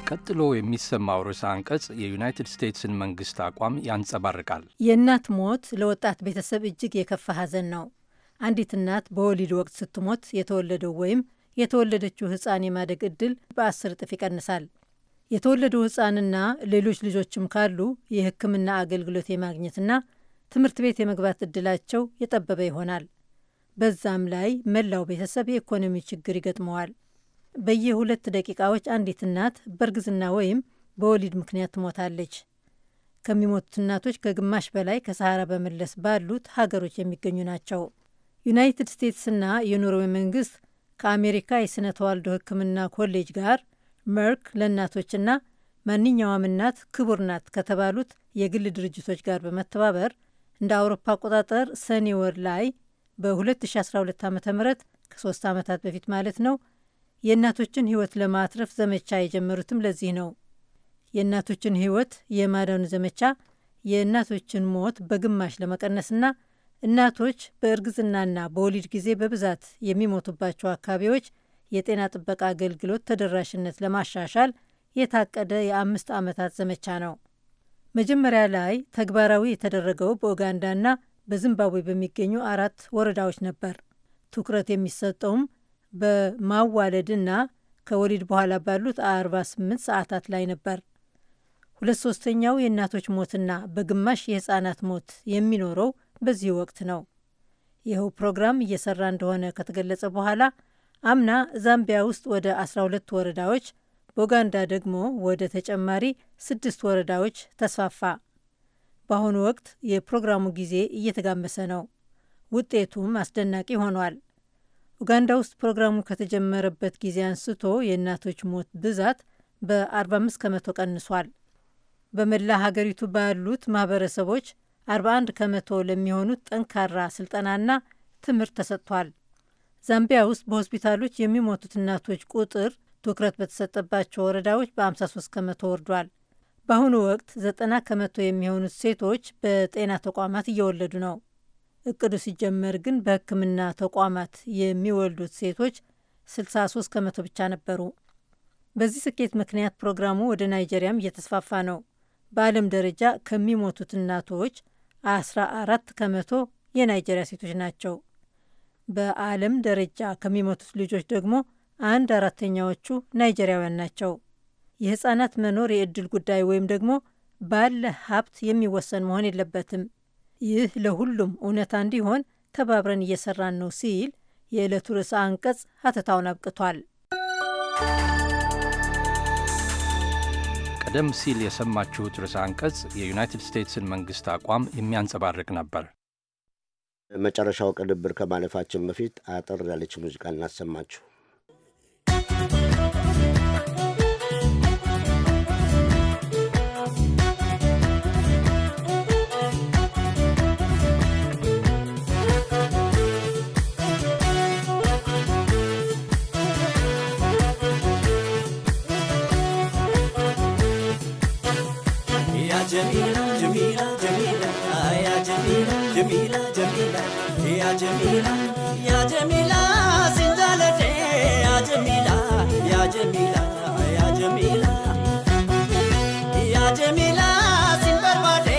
ቀጥሎ የሚሰማው ርዕሰ አንቀጽ የዩናይትድ ስቴትስን መንግስት አቋም ያንጸባርቃል። የእናት ሞት ለወጣት ቤተሰብ እጅግ የከፋ ሐዘን ነው። አንዲት እናት በወሊድ ወቅት ስትሞት የተወለደው ወይም የተወለደችው ሕፃን የማደግ ዕድል በአስር እጥፍ ይቀንሳል። የተወለደው ህፃንና ሌሎች ልጆችም ካሉ የህክምና አገልግሎት የማግኘትና ትምህርት ቤት የመግባት ዕድላቸው የጠበበ ይሆናል። በዛም ላይ መላው ቤተሰብ የኢኮኖሚ ችግር ይገጥመዋል። በየሁለት ደቂቃዎች አንዲት እናት በእርግዝና ወይም በወሊድ ምክንያት ትሞታለች። ከሚሞቱት እናቶች ከግማሽ በላይ ከሰሃራ በመለስ ባሉት ሀገሮች የሚገኙ ናቸው። ዩናይትድ ስቴትስና የኖርዌይ መንግስት ከአሜሪካ የስነ ተዋልዶ ህክምና ኮሌጅ ጋር መርክ ለእናቶችና ማንኛውም እናት ክቡር ናት ከተባሉት የግል ድርጅቶች ጋር በመተባበር እንደ አውሮፓ አቆጣጠር ሰኔ ወር ላይ በ2012 ዓ ም ከሶስት ዓመታት በፊት ማለት ነው። የእናቶችን ህይወት ለማትረፍ ዘመቻ የጀመሩትም ለዚህ ነው። የእናቶችን ህይወት የማዳኑ ዘመቻ የእናቶችን ሞት በግማሽ ለመቀነስና እናቶች በእርግዝናና በወሊድ ጊዜ በብዛት የሚሞቱባቸው አካባቢዎች የጤና ጥበቃ አገልግሎት ተደራሽነት ለማሻሻል የታቀደ የአምስት ዓመታት ዘመቻ ነው። መጀመሪያ ላይ ተግባራዊ የተደረገው በኡጋንዳና በዚምባብዌ በሚገኙ አራት ወረዳዎች ነበር። ትኩረት የሚሰጠውም በማዋለድና ከወሊድ በኋላ ባሉት 48 ሰዓታት ላይ ነበር። ሁለት ሶስተኛው የእናቶች ሞትና በግማሽ የህፃናት ሞት የሚኖረው በዚህ ወቅት ነው። ይኸው ፕሮግራም እየሰራ እንደሆነ ከተገለጸ በኋላ አምና ዛምቢያ ውስጥ ወደ 12 ወረዳዎች በኡጋንዳ ደግሞ ወደ ተጨማሪ ስድስት ወረዳዎች ተስፋፋ። በአሁኑ ወቅት የፕሮግራሙ ጊዜ እየተጋመሰ ነው። ውጤቱም አስደናቂ ሆኗል። ኡጋንዳ ውስጥ ፕሮግራሙ ከተጀመረበት ጊዜ አንስቶ የእናቶች ሞት ብዛት በ45 ከመቶ ቀንሷል። በመላ ሀገሪቱ ባሉት ማህበረሰቦች 41 ከመቶ ለሚሆኑት ጠንካራ ስልጠናና ትምህርት ተሰጥቷል። ዛምቢያ ውስጥ በሆስፒታሎች የሚሞቱት እናቶች ቁጥር ትኩረት በተሰጠባቸው ወረዳዎች በ53 ከመቶ ወርዷል። በአሁኑ ወቅት 90 ከመቶ የሚሆኑት ሴቶች በጤና ተቋማት እየወለዱ ነው። እቅዱ ሲጀመር ግን በሕክምና ተቋማት የሚወልዱት ሴቶች 63 ከመቶ ብቻ ነበሩ። በዚህ ስኬት ምክንያት ፕሮግራሙ ወደ ናይጄሪያም እየተስፋፋ ነው። በዓለም ደረጃ ከሚሞቱት እናቶች 14 ከመቶ የናይጄሪያ ሴቶች ናቸው። በዓለም ደረጃ ከሚሞቱት ልጆች ደግሞ አንድ አራተኛዎቹ ናይጀሪያውያን ናቸው። የህፃናት መኖር የእድል ጉዳይ ወይም ደግሞ ባለ ሀብት የሚወሰን መሆን የለበትም። ይህ ለሁሉም እውነታ እንዲሆን ተባብረን እየሰራን ነው ሲል የዕለቱ ርዕሰ አንቀጽ ሀተታውን አብቅቷል። ቀደም ሲል የሰማችሁት ርዕሰ አንቀጽ የዩናይትድ ስቴትስን መንግሥት አቋም የሚያንጸባርቅ ነበር። መጨረሻው ቅንብር ከማለፋችን በፊት አጠር ያለች ሙዚቃ እናሰማችሁ። يا جميلة يا جميلة زنزالتي يا جميلة يا جميلة يا جميلة يا جميلة زنبرباتي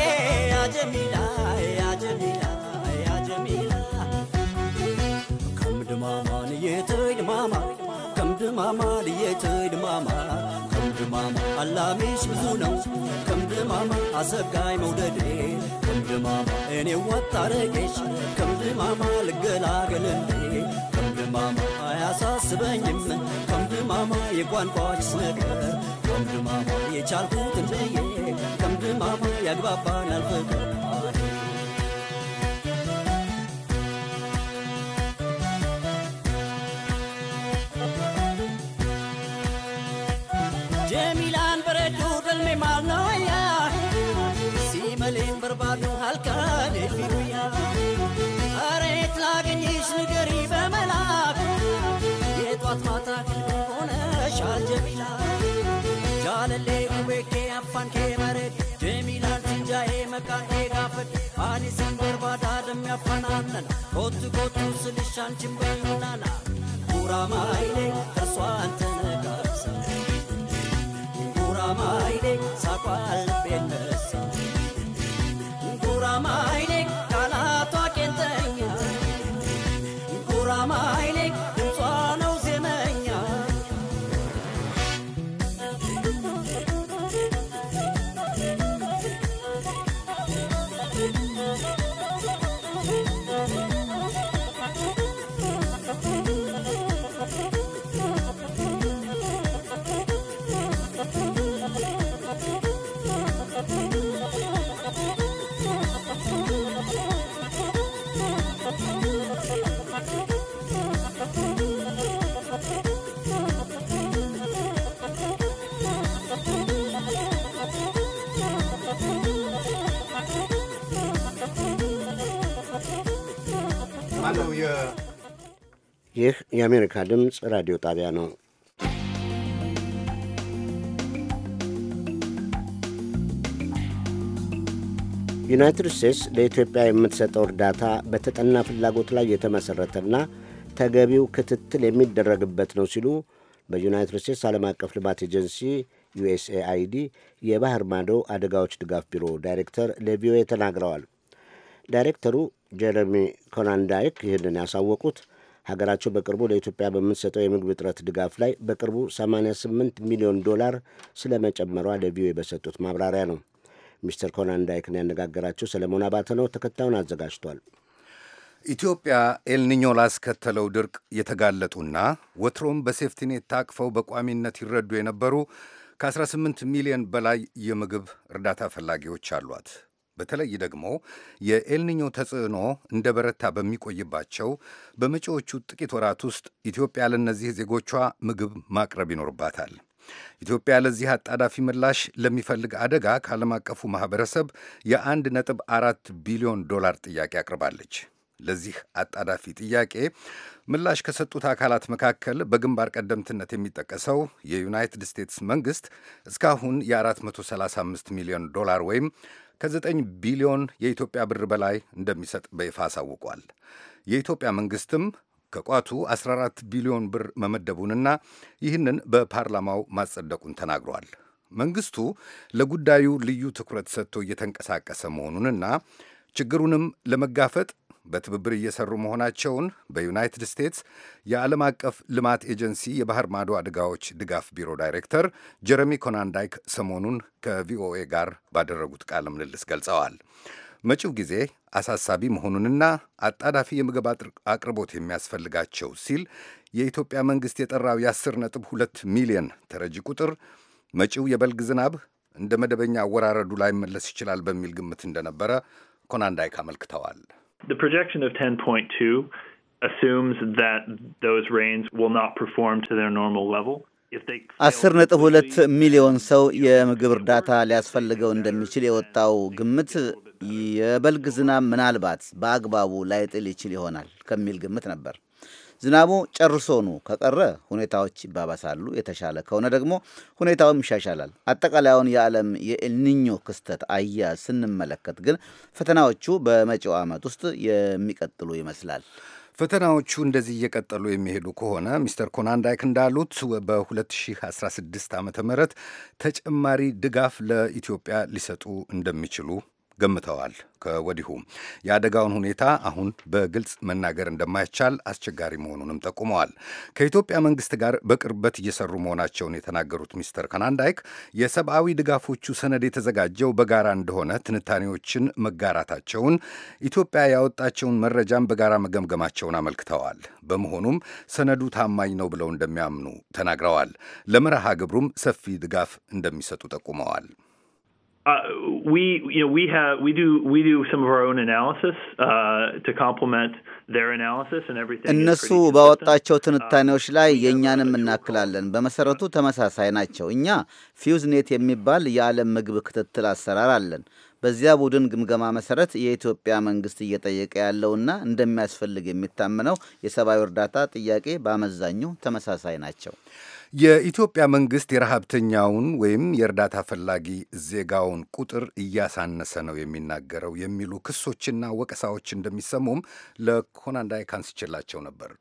يا جميلة يا جميلة يا جميلة كم دماما نيتي دماما كم دماما نيتي دماما كم دماما علاميش بزونو كم دماما أسبقاي موددي ከምድማማ እኔ ወጣረቄች ከምድማማ ልገላገል ከምድማማ አያሳስበኝም ከምድማማ የቋንቋች ነገር ከምድማማ የቻልኩትን ብዬ ከምድማማ ያግባባናል ፍቅር መሌን በርባሉ አልካል ፊሉያ አሬት ላገኝሽ ንገሪ በመላክ የጧት ማታ ክልም ሆነሽ አልጀሚላ ጃለሌ ውቤኬ አፋንኬ መሬት ጀሚላል ትንጃዬ አኒስን በርባዳ ደሚያፈናነን ኮቱ ኮቱ ጉራማይሌ አንተነጋሰ ጉራማይሌ ሳቋል ቤነ ይህ የአሜሪካ ድምፅ ራዲዮ ጣቢያ ነው። ዩናይትድ ስቴትስ ለኢትዮጵያ የምትሰጠው እርዳታ በተጠና ፍላጎት ላይ የተመሠረተና ተገቢው ክትትል የሚደረግበት ነው ሲሉ በዩናይትድ ስቴትስ ዓለም አቀፍ ልማት ኤጀንሲ ዩኤስኤአይዲ የባህር ማዶ አደጋዎች ድጋፍ ቢሮ ዳይሬክተር ለቪኦኤ ተናግረዋል። ዳይሬክተሩ ጀረሚ ኮናንዳይክ ይህንን ያሳወቁት ሀገራቸው በቅርቡ ለኢትዮጵያ በምትሰጠው የምግብ እጥረት ድጋፍ ላይ በቅርቡ 88 ሚሊዮን ዶላር ስለመጨመሯ ለቪኦኤ በሰጡት ማብራሪያ ነው። ሚስተር ኮናን ዳይክን ያነጋገራቸው ሰለሞን አባተ ነው። ተከታዩን አዘጋጅቷል። ኢትዮጵያ ኤልኒኞ ላስከተለው ድርቅ የተጋለጡና ወትሮም በሴፍቲኔት ታቅፈው በቋሚነት ይረዱ የነበሩ ከ18 ሚሊዮን በላይ የምግብ እርዳታ ፈላጊዎች አሏት። በተለይ ደግሞ የኤልኒኞ ተጽዕኖ እንደ በረታ በሚቆይባቸው በመጪዎቹ ጥቂት ወራት ውስጥ ኢትዮጵያ ለእነዚህ ዜጎቿ ምግብ ማቅረብ ይኖርባታል። ኢትዮጵያ ለዚህ አጣዳፊ ምላሽ ለሚፈልግ አደጋ ከዓለም አቀፉ ማኅበረሰብ የአንድ ነጥብ አራት ቢሊዮን ዶላር ጥያቄ አቅርባለች። ለዚህ አጣዳፊ ጥያቄ ምላሽ ከሰጡት አካላት መካከል በግንባር ቀደምትነት የሚጠቀሰው የዩናይትድ ስቴትስ መንግሥት እስካሁን የ435 ሚሊዮን ዶላር ወይም ከ9 ቢሊዮን የኢትዮጵያ ብር በላይ እንደሚሰጥ በይፋ አሳውቋል። የኢትዮጵያ መንግስትም ከቋቱ 14 ቢሊዮን ብር መመደቡንና ይህንን በፓርላማው ማጸደቁን ተናግሯል። መንግስቱ ለጉዳዩ ልዩ ትኩረት ሰጥቶ እየተንቀሳቀሰ መሆኑንና ችግሩንም ለመጋፈጥ በትብብር እየሰሩ መሆናቸውን በዩናይትድ ስቴትስ የዓለም አቀፍ ልማት ኤጀንሲ የባህር ማዶ አደጋዎች ድጋፍ ቢሮ ዳይሬክተር ጀረሚ ኮናንዳይክ ሰሞኑን ከቪኦኤ ጋር ባደረጉት ቃለ ምልልስ ገልጸዋል። መጪው ጊዜ አሳሳቢ መሆኑንና አጣዳፊ የምግብ አቅርቦት የሚያስፈልጋቸው ሲል የኢትዮጵያ መንግሥት የጠራው የአስር ነጥብ ሁለት ሚሊዮን ተረጂ ቁጥር መጪው የበልግ ዝናብ እንደ መደበኛ አወራረዱ ላይመለስ ይችላል በሚል ግምት እንደነበረ ኮናንዳይክ አመልክተዋል። The projection of 10.2 assumes that those rains will not perform to their normal level. አስር ነጥብ ሁለት ሚሊዮን ሰው የምግብ እርዳታ ሊያስፈልገው እንደሚችል የወጣው ግምት የበልግ ዝናብ ምናልባት በአግባቡ ላይጥል ይችል ይሆናል ከሚል ግምት ነበር። ዝናቡ ጨርሶኑ ከቀረ ሁኔታዎች ይባባሳሉ። የተሻለ ከሆነ ደግሞ ሁኔታውም ይሻሻላል። አጠቃላዩን የዓለም የኤልኒኞ ክስተት አያ ስንመለከት ግን ፈተናዎቹ በመጪው ዓመት ውስጥ የሚቀጥሉ ይመስላል። ፈተናዎቹ እንደዚህ እየቀጠሉ የሚሄዱ ከሆነ ሚስተር ኮናንዳይክ እንዳሉት በ2016 ዓ ም ተጨማሪ ድጋፍ ለኢትዮጵያ ሊሰጡ እንደሚችሉ ገምተዋል። ከወዲሁ የአደጋውን ሁኔታ አሁን በግልጽ መናገር እንደማይቻል አስቸጋሪ መሆኑንም ጠቁመዋል። ከኢትዮጵያ መንግስት ጋር በቅርበት እየሰሩ መሆናቸውን የተናገሩት ሚስተር ከናንዳይክ የሰብአዊ ድጋፎቹ ሰነድ የተዘጋጀው በጋራ እንደሆነ ትንታኔዎችን መጋራታቸውን፣ ኢትዮጵያ ያወጣቸውን መረጃም በጋራ መገምገማቸውን አመልክተዋል። በመሆኑም ሰነዱ ታማኝ ነው ብለው እንደሚያምኑ ተናግረዋል። ለመርሃ ግብሩም ሰፊ ድጋፍ እንደሚሰጡ ጠቁመዋል። Uh, we you know we have we do we do some of our own analysis uh, to complement their analysis and everything. እነሱ ባወጣቸው uh, ትንታኔዎች ላይ የእኛንም እናክላለን። በመሰረቱ ተመሳሳይ ናቸው። እኛ ፊውዝኔት የሚባል የዓለም ምግብ ክትትል አሰራር አለን። በዚያ ቡድን ግምገማ መሰረት የኢትዮጵያ መንግስት እየጠየቀ ያለውና እንደሚያስፈልግ የሚታመነው የሰብአዊ እርዳታ ጥያቄ በአመዛኙ ተመሳሳይ ናቸው። የኢትዮጵያ መንግስት የረሃብተኛውን ወይም የእርዳታ ፈላጊ ዜጋውን ቁጥር እያሳነሰ ነው የሚናገረው የሚሉ ክሶችና ወቀሳዎች እንደሚሰሙም ለኮናንዳይ ካንስችላቸው ነበር።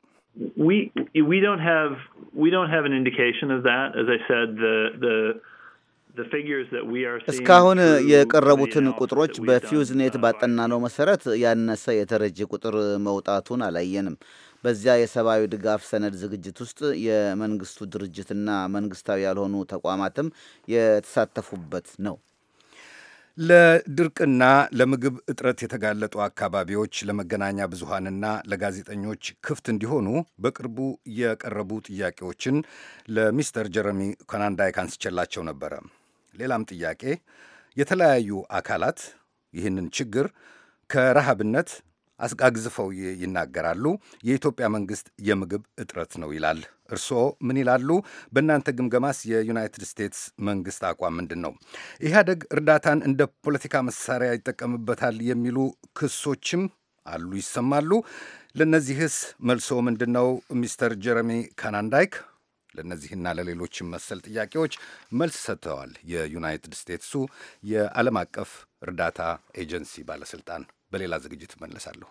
እስካሁን የቀረቡትን ቁጥሮች በፊውዝኔት ባጠናነው መሰረት ያነሰ የተረጂ ቁጥር መውጣቱን አላየንም። በዚያ የሰብአዊ ድጋፍ ሰነድ ዝግጅት ውስጥ የመንግስቱ ድርጅትና መንግስታዊ ያልሆኑ ተቋማትም የተሳተፉበት ነው። ለድርቅና ለምግብ እጥረት የተጋለጡ አካባቢዎች ለመገናኛ ብዙሃንና ለጋዜጠኞች ክፍት እንዲሆኑ በቅርቡ የቀረቡ ጥያቄዎችን ለሚስተር ጀረሚ ኮናንዳይክ ካንስቸላቸው ነበረ። ሌላም ጥያቄ የተለያዩ አካላት ይህንን ችግር ከረሃብነት አስጋግዝፈው ይናገራሉ። የኢትዮጵያ መንግስት የምግብ እጥረት ነው ይላል። እርስዎ ምን ይላሉ? በእናንተ ግምገማስ የዩናይትድ ስቴትስ መንግስት አቋም ምንድን ነው? ኢህአደግ እርዳታን እንደ ፖለቲካ መሳሪያ ይጠቀምበታል የሚሉ ክሶችም አሉ፣ ይሰማሉ። ለእነዚህስ መልሶ ምንድን ነው? ሚስተር ጀረሚ ካናንዳይክ ለእነዚህና ለሌሎችም መሰል ጥያቄዎች መልስ ሰጥተዋል። የዩናይትድ ስቴትሱ የዓለም አቀፍ እርዳታ ኤጀንሲ ባለስልጣን በሌላ ዝግጅት እመለሳለሁ።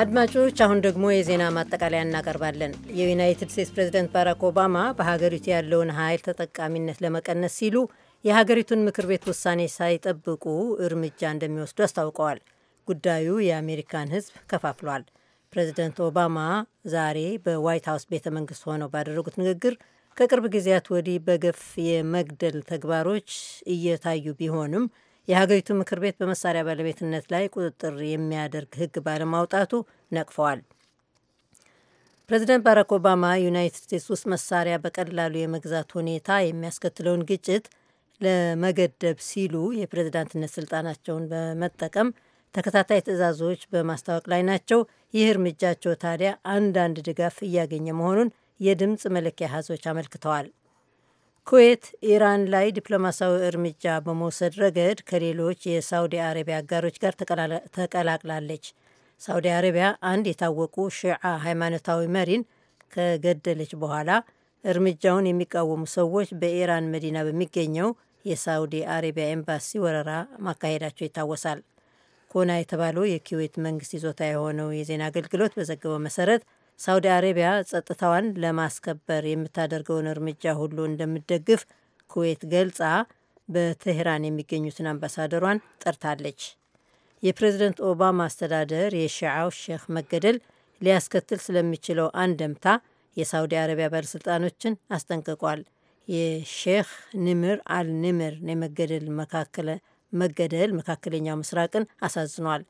አድማጮች አሁን ደግሞ የዜና ማጠቃለያ እናቀርባለን። የዩናይትድ ስቴትስ ፕሬዚደንት ባራክ ኦባማ በሀገሪቱ ያለውን ኃይል ተጠቃሚነት ለመቀነስ ሲሉ የሀገሪቱን ምክር ቤት ውሳኔ ሳይጠብቁ እርምጃ እንደሚወስዱ አስታውቀዋል። ጉዳዩ የአሜሪካን ሕዝብ ከፋፍሏል። ፕሬዚደንት ኦባማ ዛሬ በዋይት ሀውስ ቤተ መንግስት ሆነው ባደረጉት ንግግር ከቅርብ ጊዜያት ወዲህ በገፍ የመግደል ተግባሮች እየታዩ ቢሆንም የሀገሪቱ ምክር ቤት በመሳሪያ ባለቤትነት ላይ ቁጥጥር የሚያደርግ ህግ ባለማውጣቱ ነቅፈዋል። ፕሬዚደንት ባራክ ኦባማ ዩናይትድ ስቴትስ ውስጥ መሳሪያ በቀላሉ የመግዛት ሁኔታ የሚያስከትለውን ግጭት ለመገደብ ሲሉ የፕሬዚዳንትነት ስልጣናቸውን በመጠቀም ተከታታይ ትዕዛዞች በማስታወቅ ላይ ናቸው። ይህ እርምጃቸው ታዲያ አንዳንድ ድጋፍ እያገኘ መሆኑን የድምፅ መለኪያ አሃዞች አመልክተዋል። ኩዌት ኢራን ላይ ዲፕሎማሲያዊ እርምጃ በመውሰድ ረገድ ከሌሎች የሳውዲ አረቢያ አጋሮች ጋር ተቀላቅላለች። ሳውዲ አረቢያ አንድ የታወቁ ሺዓ ሃይማኖታዊ መሪን ከገደለች በኋላ እርምጃውን የሚቃወሙ ሰዎች በኢራን መዲና በሚገኘው የሳውዲ አረቢያ ኤምባሲ ወረራ ማካሄዳቸው ይታወሳል። ኮና የተባለው የኩዌት መንግስት ይዞታ የሆነው የዜና አገልግሎት በዘገበው መሰረት ሳውዲ አረቢያ ጸጥታዋን ለማስከበር የምታደርገውን እርምጃ ሁሉ እንደምትደግፍ ኩዌት ገልጻ በቴህራን የሚገኙትን አምባሳደሯን ጠርታለች። የፕሬዝደንት ኦባማ አስተዳደር የሺዓው ሼክ መገደል ሊያስከትል ስለሚችለው አንደምታ የሳውዲ አረቢያ ባለሥልጣኖችን አስጠንቅቋል። የሼክ ንምር አልንምር የመገደል መካከለ መገደል መካከለኛው ምስራቅን አሳዝኗል፣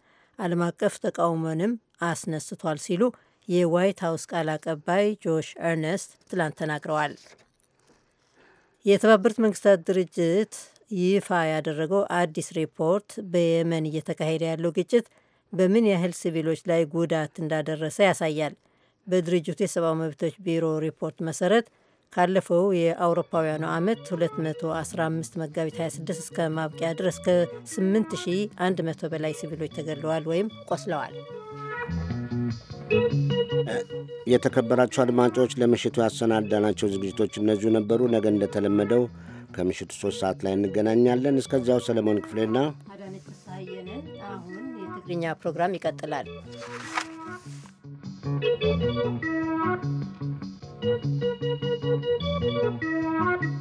ዓለም አቀፍ ተቃውሞንም አስነስቷል ሲሉ የዋይት ሀውስ ቃል አቀባይ ጆሽ ኤርነስት ትላንት ተናግረዋል። የተባበሩት መንግስታት ድርጅት ይፋ ያደረገው አዲስ ሪፖርት በየመን እየተካሄደ ያለው ግጭት በምን ያህል ሲቪሎች ላይ ጉዳት እንዳደረሰ ያሳያል። በድርጅቱ የሰብአዊ መብቶች ቢሮ ሪፖርት መሰረት ካለፈው የአውሮፓውያኑ ዓመት 215 መጋቢት 26 እስከ ማብቂያ ድረስ ከ8100 በላይ ሲቪሎች ተገድለዋል ወይም ቆስለዋል። የተከበራቸው አድማጮች ለምሽቱ ያሰናዳናቸው ዝግጅቶች እነዚሁ ነበሩ። ነገ እንደተለመደው ከምሽቱ ሶስት ሰዓት ላይ እንገናኛለን። እስከዚያው ሰለሞን ክፍሌና አዳነች አሁን የትግርኛ ፕሮግራም ይቀጥላል። Thank you.